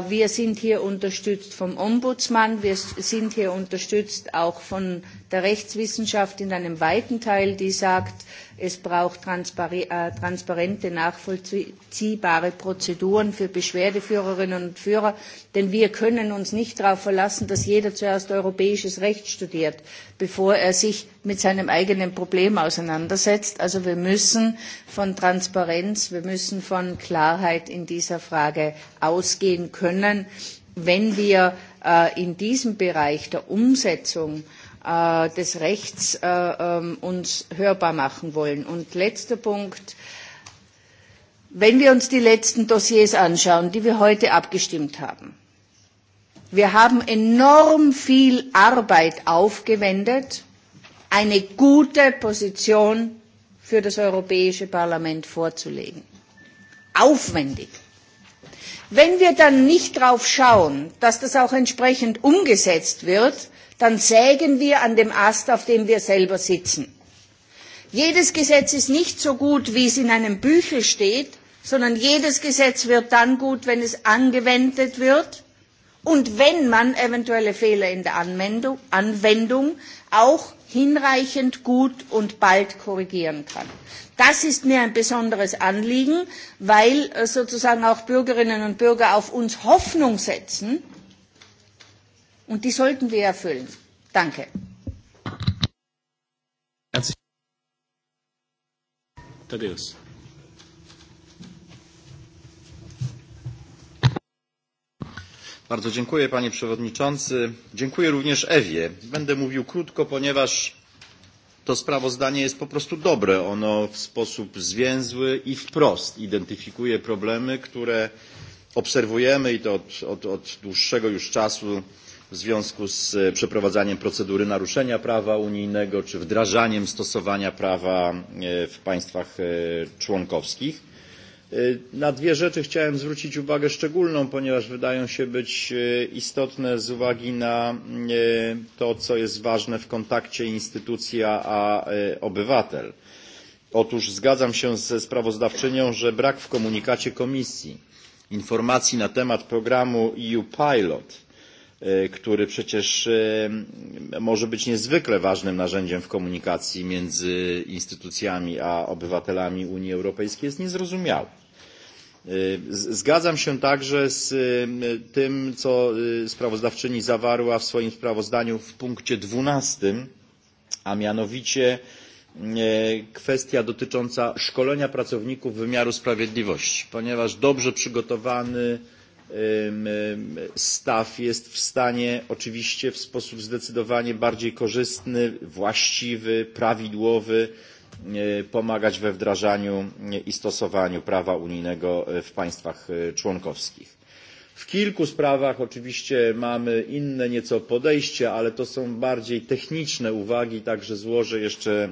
wir sind hier unterstützt vom Ombudsmann, wir sind hier unterstützt auch von der Rechtswissenschaft in einem weiten Teil, die sagt, es braucht transparente, nachvollziehbare Prozeduren Prozeduren für Beschwerdeführerinnen und Führer, denn wir können uns nicht darauf verlassen, dass jeder zuerst europäisches Recht studiert, bevor er sich mit seinem eigenen Problem auseinandersetzt. Also wir müssen von Transparenz, wir müssen von Klarheit in dieser Frage ausgehen können, wenn wir in diesem Bereich der Umsetzung des Rechts uns hörbar machen wollen. Und letzter Punkt Wenn wir uns die letzten Dossiers anschauen, die wir heute abgestimmt haben, wir haben enorm viel Arbeit aufgewendet, eine gute Position für das Europäische Parlament vorzulegen. Aufwendig. Wenn wir dann nicht darauf schauen, dass das auch entsprechend umgesetzt wird, dann sägen wir an dem Ast, auf dem wir selber sitzen. Jedes Gesetz ist nicht so gut, wie es in einem Büchel steht, sondern jedes Gesetz wird dann gut, wenn es angewendet wird und wenn man eventuelle Fehler in der Anwendung auch hinreichend gut und bald korrigieren kann. Das ist mir ein besonderes Anliegen, weil sozusagen auch Bürgerinnen und Bürger auf uns Hoffnung setzen und die sollten wir erfüllen. Danke. Bardzo dziękuję panie przewodniczący. Dziękuję również Ewie. Będę mówił krótko, ponieważ to sprawozdanie jest po prostu dobre. Ono w sposób zwięzły i wprost identyfikuje problemy, które obserwujemy i to od, od, od dłuższego już czasu w związku z przeprowadzaniem procedury naruszenia prawa unijnego czy wdrażaniem stosowania prawa w państwach członkowskich Na dwie rzeczy chciałem zwrócić uwagę szczególną, ponieważ wydają się być istotne z uwagi na to, co jest ważne w kontakcie instytucja a obywatel. Otóż zgadzam się ze sprawozdawczynią, że brak w komunikacie Komisji informacji na temat programu EU Pilot który przecież może być niezwykle ważnym narzędziem w komunikacji między instytucjami a obywatelami Unii Europejskiej, jest niezrozumiały. Zgadzam się także z tym, co sprawozdawczyni zawarła w swoim sprawozdaniu w punkcie 12, a mianowicie kwestia dotycząca szkolenia pracowników wymiaru sprawiedliwości, ponieważ dobrze przygotowany staw jest w stanie oczywiście w sposób zdecydowanie bardziej korzystny, właściwy, prawidłowy pomagać we wdrażaniu i stosowaniu prawa unijnego w państwach członkowskich. W kilku sprawach oczywiście mamy inne nieco podejście, ale to są bardziej techniczne uwagi, także złożę jeszcze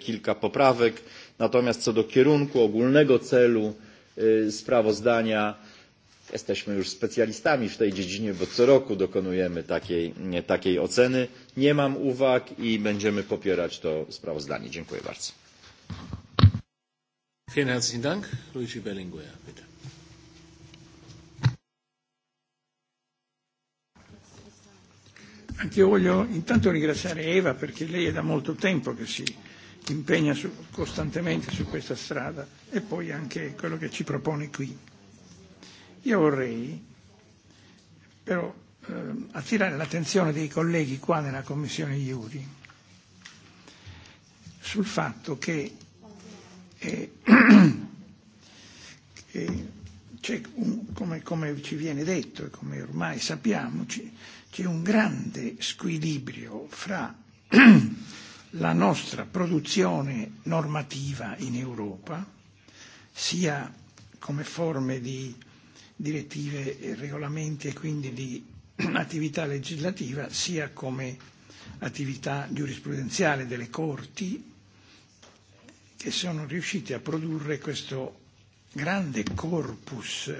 kilka poprawek. Natomiast co do kierunku ogólnego celu sprawozdania, jesteśmy już specjalistami w tej dziedzinie, bo co roku dokonujemy takiej, takiej oceny. Nie mam uwag i będziemy popierać to sprawozdanie. Dziękuję bardzo. Vielen herzlichen Dank. Luigi bitte. Anch'io voglio intanto ringraziare Eva perché lei è da molto tempo che si impegna su, costantemente su questa strada e poi anche quello che ci propone qui. Io vorrei però attirare l'attenzione dei colleghi qua nella Commissione Iuri sul fatto che c'è un, come, come ci viene detto e come ormai sappiamo, c'è un grande squilibrio fra la nostra produzione normativa in Europa, sia come forme di direttive e regolamenti e quindi di attività legislativa sia come attività giurisprudenziale delle corti che sono riuscite a produrre questo grande corpus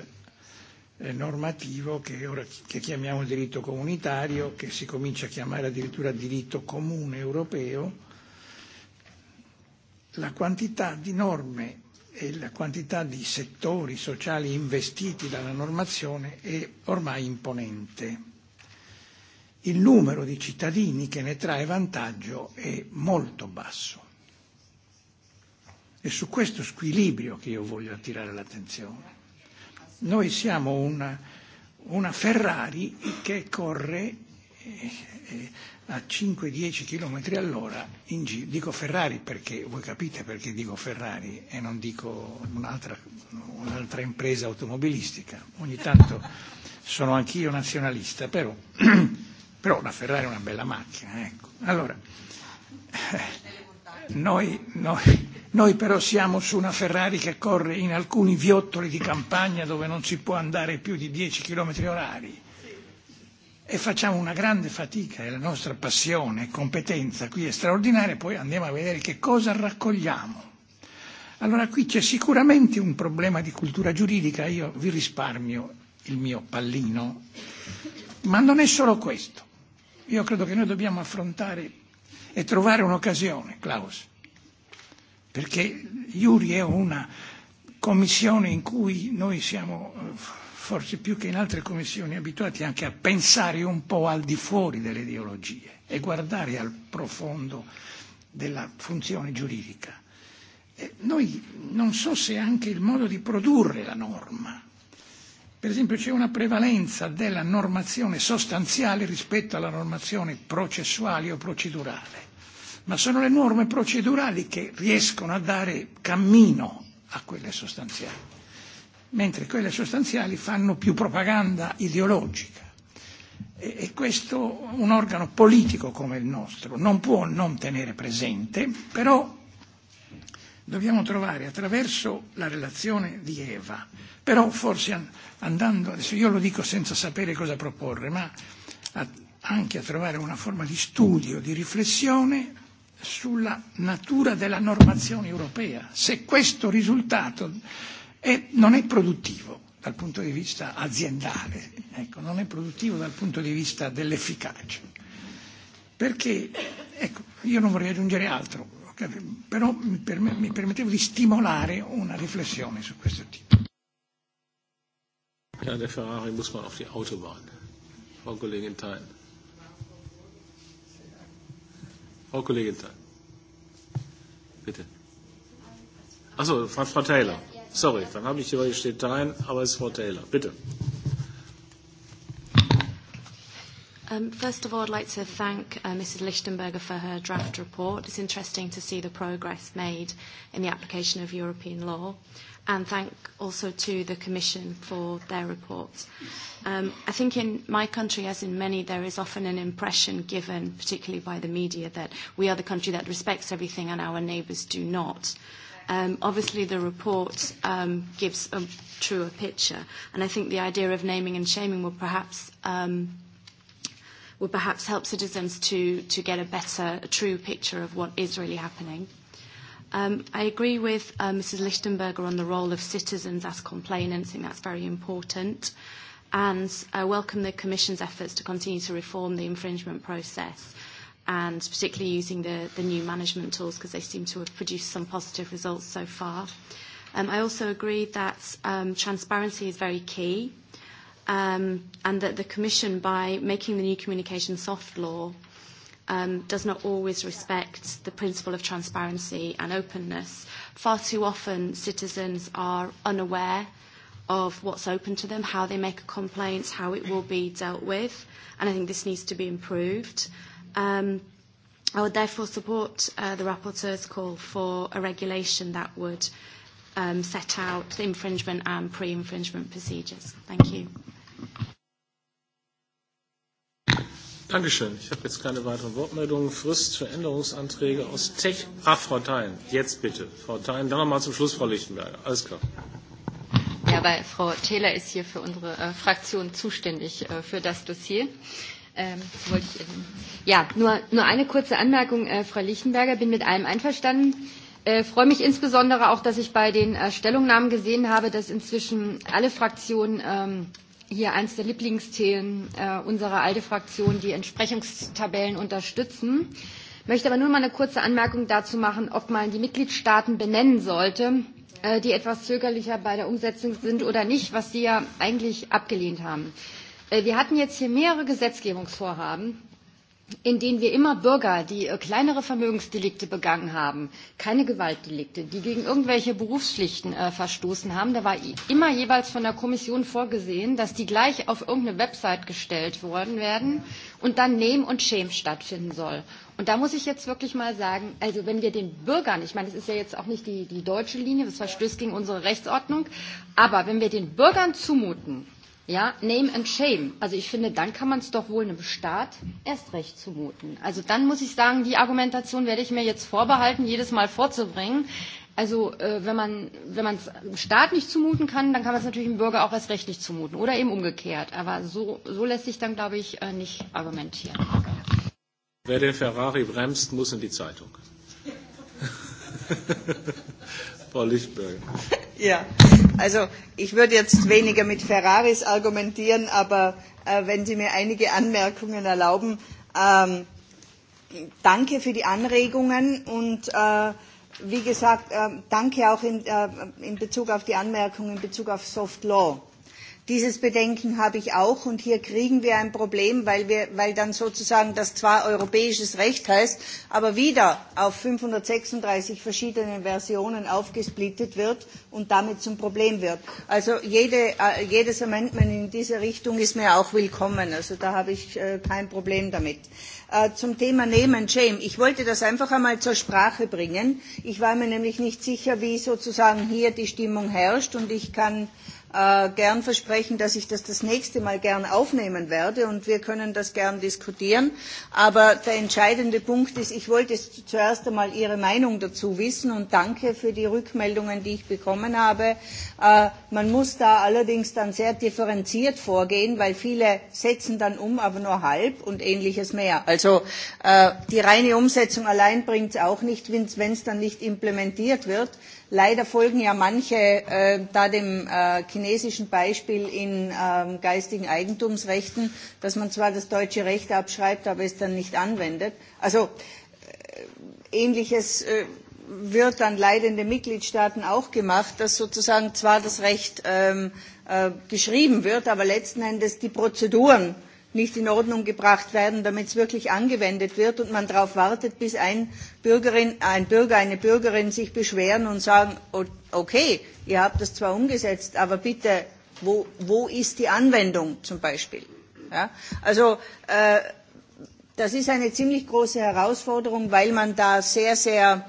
normativo che ora che chiamiamo diritto comunitario, che si comincia a chiamare addirittura diritto comune europeo, la quantità di norme e la quantità di settori sociali investiti dalla normazione è ormai imponente. Il numero di cittadini che ne trae vantaggio è molto basso. È su questo squilibrio che io voglio attirare l'attenzione. Noi siamo una, una Ferrari che corre eh, eh, a 5-10 km all'ora in giro. Dico Ferrari perché voi capite perché dico Ferrari e non dico un'altra, un'altra impresa automobilistica. Ogni tanto sono anch'io nazionalista, però, però la Ferrari è una bella macchina. Ecco. Allora, noi, noi, noi però siamo su una Ferrari che corre in alcuni viottoli di campagna dove non si può andare più di 10 km orari e facciamo una grande fatica e la nostra passione e competenza qui è straordinaria, poi andiamo a vedere che cosa raccogliamo. Allora qui c'è sicuramente un problema di cultura giuridica, io vi risparmio il mio pallino, ma non è solo questo. Io credo che noi dobbiamo affrontare e trovare un'occasione, Klaus, perché Iuri è una commissione in cui noi siamo forse più che in altre commissioni, abituati anche a pensare un po' al di fuori delle ideologie e guardare al profondo della funzione giuridica. E noi non so se anche il modo di produrre la norma, per esempio c'è una prevalenza della normazione sostanziale rispetto alla normazione processuale o procedurale, ma sono le norme procedurali che riescono a dare cammino a quelle sostanziali mentre quelle sostanziali fanno più propaganda ideologica. E, e questo un organo politico come il nostro non può non tenere presente, però dobbiamo trovare attraverso la relazione di Eva, però forse andando, adesso io lo dico senza sapere cosa proporre, ma a, anche a trovare una forma di studio, di riflessione sulla natura della normazione europea. Se questo risultato e non è produttivo dal punto di vista aziendale, ecco, non è produttivo dal punto di vista dell'efficacia. Perché, ecco, io non vorrei aggiungere altro, però mi permettevo di stimolare una riflessione su questo tipo. Ja, der Ferrari muss man auf die Autobahn. Frau Kollegin Thein. Frau Kollegin Thein. Bitte. Achso, Frau Taylor. Sorry, dann habe ich die richtige Dateien, aber es ist Frau Taylor. Bitte. Um, first of all, I'd like to thank uh, Mrs. Lichtenberger for her draft report. It's interesting to see the progress made in the application of European law, and thank also to the Commission for their report. Um, I think in my country, as in many, there is often an impression given, particularly by the media, that we are the country that respects everything and our neighbours do not um, obviously the report um, gives a truer picture. And I think the idea of naming and shaming will perhaps um, will perhaps help citizens to, to get a better, a true picture of what is really happening. Um, I agree with uh, Mrs. Lichtenberger on the role of citizens as complainants. I think that's very important. And I welcome the Commission's efforts to continue to reform the infringement process and particularly using the, the new management tools because they seem to have produced some positive results so far. Um, I also agree that um, transparency is very key um, and that the Commission, by making the new communication soft law, um, does not always respect the principle of transparency and openness. Far too often, citizens are unaware of what's open to them, how they make a complaint, how it will be dealt with, and I think this needs to be improved. Um, I would therefore support uh, the rapporteur's call for a regulation that would um, set out the infringement and pre-infringement procedures. Thank you. Dankeschön. Ich habe jetzt keine weiteren Wortmeldungen. Frist für Änderungsanträge aus Tech. Ach, Frau Thein, jetzt bitte. Frau Thein, dann nochmal zum Schluss, Frau Lichtenberger. Alles klar. Ja, weil Frau Thäler ist hier für unsere äh, Fraktion zuständig äh, für das Dossier. Ähm, wollte ich ja, nur, nur eine kurze Anmerkung, äh, Frau Lichtenberger. Bin mit allem einverstanden. Äh, freue mich insbesondere auch, dass ich bei den äh, Stellungnahmen gesehen habe, dass inzwischen alle Fraktionen ähm, hier eines der Lieblingsthemen äh, unserer ALDE Fraktion, die Entsprechungstabellen unterstützen. Ich möchte aber nur mal eine kurze Anmerkung dazu machen, ob man die Mitgliedstaaten benennen sollte, äh, die etwas zögerlicher bei der Umsetzung sind oder nicht, was Sie ja eigentlich abgelehnt haben. Wir hatten jetzt hier mehrere Gesetzgebungsvorhaben, in denen wir immer Bürger, die kleinere Vermögensdelikte begangen haben, keine Gewaltdelikte, die gegen irgendwelche Berufspflichten verstoßen haben, da war immer jeweils von der Kommission vorgesehen, dass die gleich auf irgendeine Website gestellt worden werden und dann Name und Shame stattfinden soll. Und da muss ich jetzt wirklich mal sagen, also wenn wir den Bürgern, ich meine, das ist ja jetzt auch nicht die, die deutsche Linie, das verstößt gegen unsere Rechtsordnung, aber wenn wir den Bürgern zumuten, Ja, name and shame. Also ich finde, dann kann man es doch wohl einem Staat erst recht zumuten. Also dann muss ich sagen, die Argumentation werde ich mir jetzt vorbehalten, jedes Mal vorzubringen. Also äh, wenn man es einem Staat nicht zumuten kann, dann kann man es natürlich dem Bürger auch erst recht nicht zumuten oder eben umgekehrt. Aber so, so lässt sich dann, glaube ich, äh, nicht argumentieren. Wer den Ferrari bremst, muss in die Zeitung. Frau Lichtberger. Ja, also ich würde jetzt weniger mit Ferraris argumentieren, aber äh, wenn Sie mir einige Anmerkungen erlauben, ähm, danke für die Anregungen und äh, wie gesagt, äh, danke auch in, äh, in Bezug auf die Anmerkungen in Bezug auf Soft Law. Äh, Dieses Bedenken habe ich auch und hier kriegen wir ein Problem, weil, wir, weil dann sozusagen das zwar europäisches Recht heißt, aber wieder auf 536 verschiedenen Versionen aufgesplittet wird und damit zum Problem wird. Also jede, jedes Amendment in diese Richtung ist mir auch willkommen. Also da habe ich kein Problem damit. Zum Thema Name and Shame. Ich wollte das einfach einmal zur Sprache bringen. Ich war mir nämlich nicht sicher, wie sozusagen hier die Stimmung herrscht und ich kann gern versprechen, dass ich das das nächste Mal gern aufnehmen werde und wir können das gern diskutieren. Aber der entscheidende Punkt ist, ich wollte zuerst einmal Ihre Meinung dazu wissen und danke für die Rückmeldungen, die ich bekommen habe. man muss da allerdings dann sehr differenziert vorgehen, weil viele setzen dann um, aber nur halb und ähnliches mehr. Also die reine Umsetzung allein bringt es auch nicht, wenn es dann nicht implementiert wird Leider folgen ja manche äh, da dem äh, chinesischen Beispiel in geistigen Eigentumsrechten, dass man zwar das deutsche Recht abschreibt, aber es dann nicht anwendet. Also äh, ähnliches äh, wird dann leider in den Mitgliedstaaten auch gemacht, dass sozusagen zwar das Recht äh, geschrieben wird, aber letzten Endes die Prozeduren äh, nicht in Ordnung gebracht werden, damit es wirklich angewendet wird und man darauf wartet, bis ein, Bürgerin, ein Bürger, eine Bürgerin sich beschweren und sagen, okay, ihr habt das zwar umgesetzt, aber bitte, wo, wo ist die Anwendung zum Beispiel? Ja? Also äh, das ist eine ziemlich große Herausforderung, weil man da sehr, sehr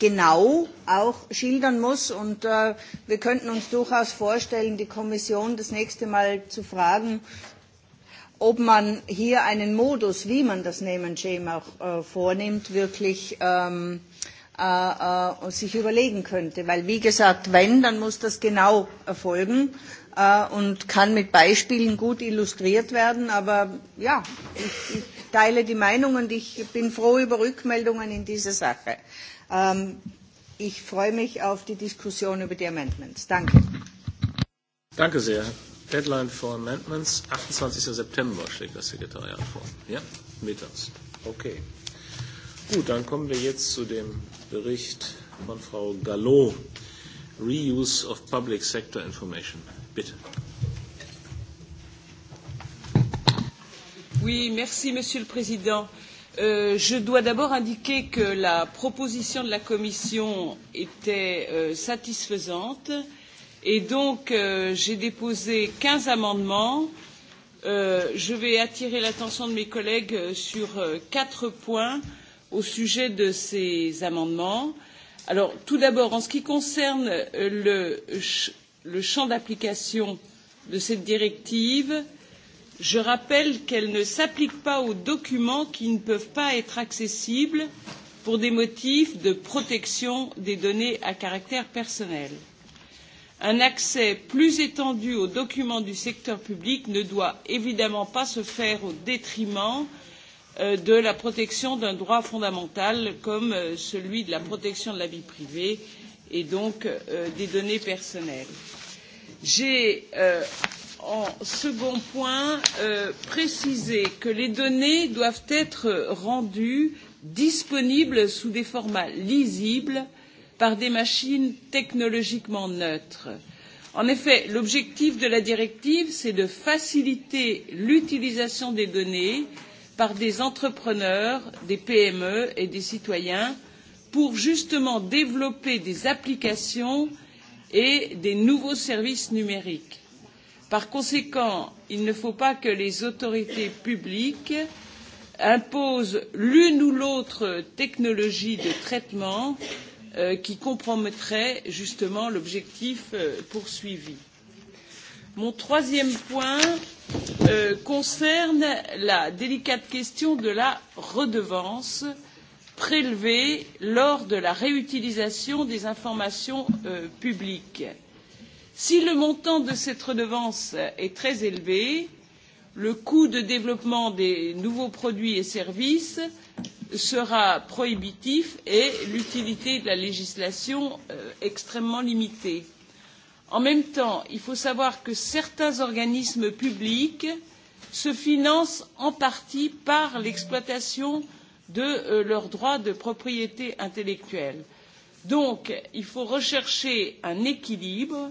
genau auch schildern muss. Und wir könnten uns durchaus vorstellen, die Kommission das nächste Mal zu fragen, ob man hier einen Modus, wie man das Name and Shame auch vornimmt, wirklich sich überlegen könnte. Weil, wie gesagt, wenn, dann muss das genau erfolgen und kann mit Beispielen gut illustriert werden. Aber ja, ich, ich teile die Meinung und ich bin froh über Rückmeldungen in dieser Sache. ich freue mich auf die Diskussion über die Amendments. Danke. Danke sehr, Deadline for Amendments, 28. September schlägt das Sekretariat vor. Ja, mittags. Okay. Gut, dann kommen wir jetzt zu dem Bericht von Frau Gallo. Reuse of Public Sector Information. Bitte. Oui, merci, Monsieur le Président. je dois d'abord indiquer que la proposition de la Commission était satisfaisante. Euh, Et donc, euh, j'ai déposé 15 amendements. Euh, je vais attirer l'attention de mes collègues sur quatre points au sujet de ces amendements. Alors, tout d'abord, en ce qui concerne le, le champ d'application de cette directive, je rappelle qu'elle ne s'applique pas aux documents qui ne peuvent pas être accessibles pour des motifs de protection des données à caractère personnel un accès plus étendu aux documents du secteur public ne doit évidemment pas se faire au détriment de la protection d'un droit fondamental comme celui de la protection de la vie privée et donc des données personnelles. J'ai en second point précisé que les données doivent être rendues disponibles sous des formats lisibles par des machines technologiquement neutres. En effet, l'objectif de la directive, c'est de faciliter l'utilisation des données par des entrepreneurs, des PME et des citoyens pour justement développer des applications et des nouveaux services numériques. Par conséquent, il ne faut pas que les autorités publiques imposent l'une ou l'autre technologie de traitement qui compromettrait justement l'objectif poursuivi. Mon troisième point concerne la délicate question de la redevance prélevée lors de la réutilisation des informations publiques. Si le montant de cette redevance est très élevé, le coût de développement des nouveaux produits et services sera prohibitif et l'utilité de la législation extrêmement limitée. en même temps il faut savoir que certains organismes publics se financent en partie par l'exploitation de leurs droits de propriété intellectuelle. donc il faut rechercher un équilibre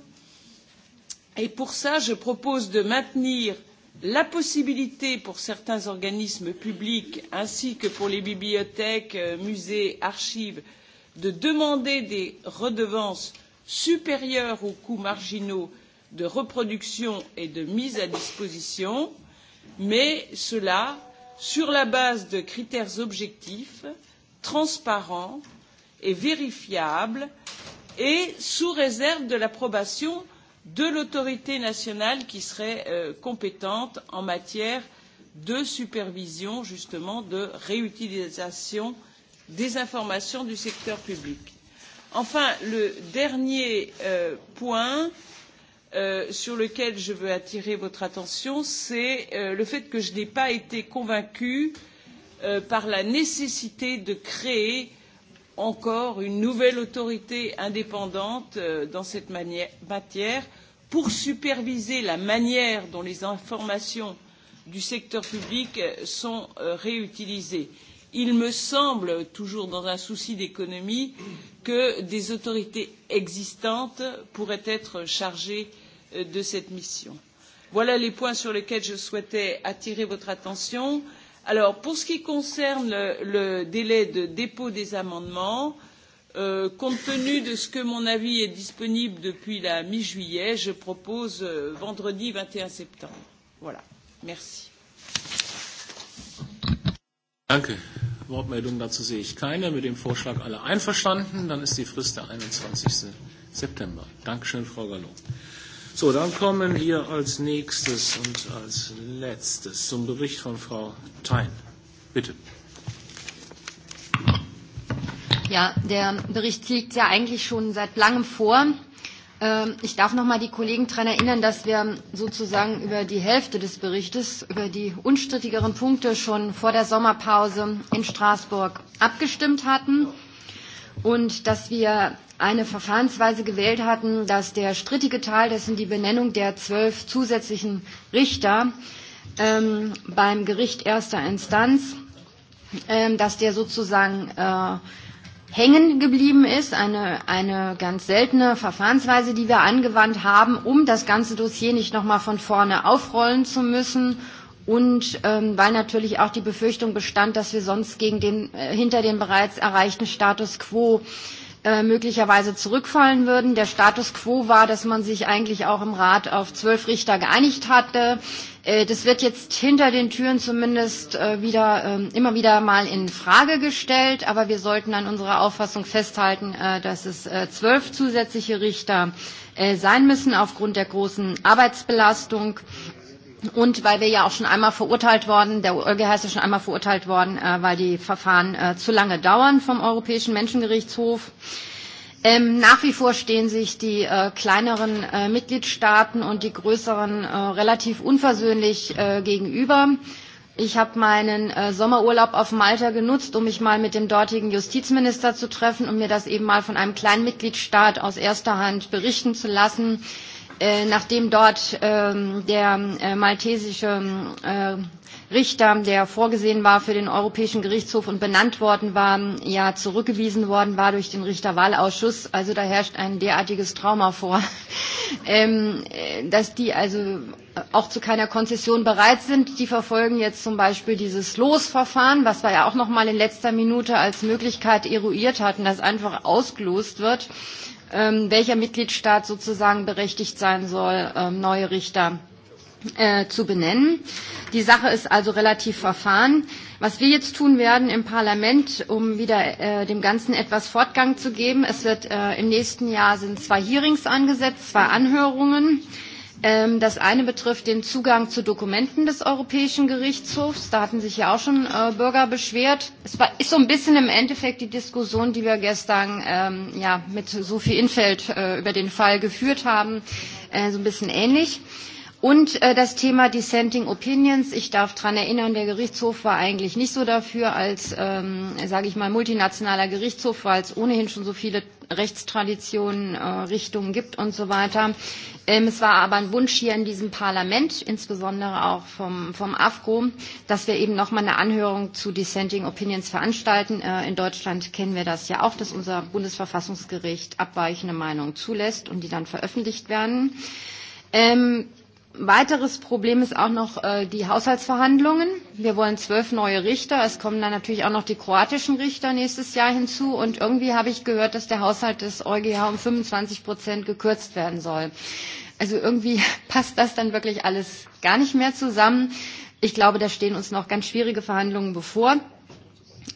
et pour cela je propose de maintenir la possibilité pour certains organismes publics ainsi que pour les bibliothèques musées et archives de demander des redevances supérieures aux coûts marginaux de reproduction et de mise à disposition mais cela sur la base de critères objectifs transparents et vérifiables et sous réserve de l'approbation de l'autorité nationale qui serait compétente en matière de supervision justement de réutilisation des informations du secteur public. enfin le dernier point sur lequel je veux attirer votre attention c'est le fait que je n'ai pas été convaincue par la nécessité de créer encore une nouvelle autorité indépendante dans cette matière pour superviser la manière dont les informations du secteur public sont réutilisées. Il me semble, toujours dans un souci d'économie, que des autorités existantes pourraient être chargées de cette mission. Voilà les points sur lesquels je souhaitais attirer votre attention. Euh, Alors, pour ce qui concerne le, délai de dépôt des amendements, compte tenu de ce que mon avis est disponible depuis la mi juillet je propose vendredi vingt et un septembre. voilà merci. Danke. Wortmeldungen dazu sehe ich keine. Mit dem Vorschlag alle einverstanden. Dann ist die Frist der 21. September. Dankeschön, Frau Gallo. So, dann kommen wir als nächstes und als letztes zum Bericht von Frau Thein. Bitte. Ja, der Bericht liegt ja eigentlich schon seit langem vor. Ich darf noch mal die Kollegen daran erinnern, dass wir sozusagen über die Hälfte des Berichtes, über die unstrittigeren Punkte schon vor der Sommerpause in Straßburg abgestimmt hatten und dass wir eine Verfahrensweise gewählt hatten, dass der strittige Teil, dessen die Benennung der zwölf zusätzlichen Richter ähm, beim Gericht erster Instanz, ähm, dass der sozusagen äh, hängen geblieben ist, eine, eine ganz seltene Verfahrensweise, die wir angewandt haben, um das ganze Dossier nicht nochmal von vorne aufrollen zu müssen und ähm, weil natürlich auch die Befürchtung bestand, dass wir sonst gegen den, äh, hinter den bereits erreichten Status quo äh, möglicherweise zurückfallen würden. Der Status quo war, dass man sich eigentlich auch im Rat auf zwölf Richter geeinigt hatte. Das wird jetzt hinter den Türen zumindest wieder, immer wieder mal in Frage gestellt, aber wir sollten an unserer Auffassung festhalten, dass es zwölf zusätzliche Richter sein müssen aufgrund der großen Arbeitsbelastung. Und weil wir ja auch schon einmal verurteilt worden, der EuGH ist ja schon einmal verurteilt worden, äh, weil die Verfahren äh, zu lange dauern vom Europäischen Menschengerichtshof. Ähm, nach wie vor stehen sich die äh, kleineren äh, Mitgliedstaaten und die größeren äh, relativ unversöhnlich äh, gegenüber. Ich habe meinen äh, Sommerurlaub auf Malta genutzt, um mich mal mit dem dortigen Justizminister zu treffen und um mir das eben mal von einem kleinen Mitgliedstaat aus erster Hand berichten zu lassen. Äh, nachdem dort der maltesische Richter, der vorgesehen war für den Europäischen Gerichtshof und benannt worden war, ja zurückgewiesen worden war durch den Richterwahlausschuss. Also da herrscht ein derartiges Trauma vor, dass die also auch zu keiner Konzession bereit sind. Die verfolgen jetzt zum Beispiel dieses Losverfahren, was wir ja auch noch mal in letzter Minute als Möglichkeit eruiert hatten, dass einfach ausgelost wird welcher Mitgliedstaat sozusagen berechtigt sein soll, neue Richter zu benennen. Die Sache ist also relativ verfahren. Was wir jetzt tun werden im Parlament, um wieder äh, dem Ganzen etwas Fortgang zu geben, es wird äh, im nächsten Jahr sind zwei Hearings angesetzt, zwei Anhörungen. Das eine betrifft den Zugang zu Dokumenten des Europäischen Gerichtshofs. Da hatten sich ja auch schon äh, Bürger beschwert. Es war, ist so ein bisschen im Endeffekt die Diskussion, die wir gestern ähm, ja, mit Sophie Infeld äh, über den Fall geführt haben, äh, so ein bisschen ähnlich. Und äh, das Thema Dissenting Opinions. Ich darf daran erinnern, der Gerichtshof war eigentlich nicht so dafür als, ähm, sage ich mal, multinationaler Gerichtshof, weil es ohnehin schon so viele Rechtstraditionen, äh, Richtungen gibt und so weiter. Ähm, es war aber ein Wunsch hier in diesem Parlament, insbesondere auch vom, vom dass wir eben nochmal eine Anhörung zu Dissenting Opinions veranstalten. Äh, in Deutschland kennen wir das ja auch, dass unser Bundesverfassungsgericht abweichende Meinungen zulässt und die dann veröffentlicht werden. Ähm, Weiteres Problem ist auch noch äh, die Haushaltsverhandlungen. Wir wollen zwölf neue Richter. Es kommen dann natürlich auch noch die kroatischen Richter nächstes Jahr hinzu. Und irgendwie habe ich gehört, dass der Haushalt des EuGH um 25 Prozent gekürzt werden soll. Also irgendwie passt das dann wirklich alles gar nicht mehr zusammen. Ich glaube, da stehen uns noch ganz schwierige Verhandlungen bevor.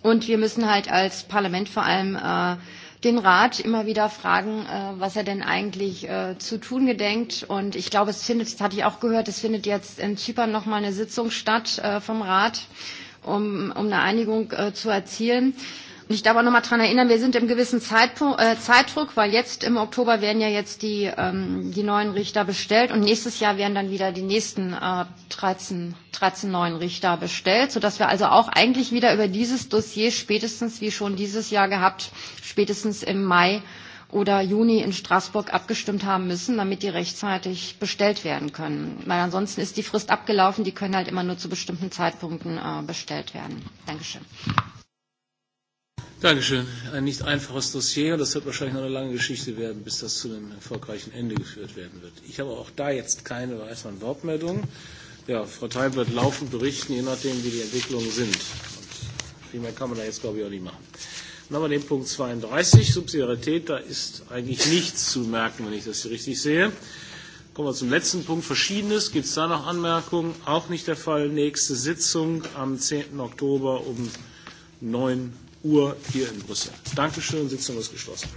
Und wir müssen halt als Parlament vor allem äh, den Rat immer wieder fragen, was er denn eigentlich zu tun gedenkt. Und ich glaube, es findet, das hatte ich auch gehört, es findet jetzt in Zypern nochmal eine Sitzung statt vom Rat, um, um eine Einigung zu erzielen. Ich darf auch nochmal daran erinnern, wir sind im gewissen Zeitpunkt, äh, Zeitdruck, weil jetzt im Oktober werden ja jetzt die, ähm, die neuen Richter bestellt und nächstes Jahr werden dann wieder die nächsten äh, 13, 13 neuen Richter bestellt, sodass wir also auch eigentlich wieder über dieses Dossier spätestens, wie schon dieses Jahr gehabt, spätestens im Mai oder Juni in Straßburg abgestimmt haben müssen, damit die rechtzeitig bestellt werden können. Weil ansonsten ist die Frist abgelaufen, die können halt immer nur zu bestimmten Zeitpunkten äh, bestellt werden. Dankeschön. Dankeschön. Ein nicht einfaches Dossier. Das wird wahrscheinlich noch eine lange Geschichte werden, bis das zu einem erfolgreichen Ende geführt werden wird. Ich habe auch da jetzt keine weiteren Wortmeldungen. Ja, Frau Thein wird laufend berichten, je nachdem, wie die Entwicklungen sind. Und viel mehr kann man da jetzt, glaube ich, auch nicht machen. Dann haben wir den Punkt 32, Subsidiarität. Da ist eigentlich nichts zu merken, wenn ich das hier richtig sehe. Kommen wir zum letzten Punkt, Verschiedenes. Gibt es da noch Anmerkungen? Auch nicht der Fall. Nächste Sitzung am 10. Oktober um 9 Uhr. Uhr hier in Brüssel. Dankeschön, Sitzung ist geschlossen.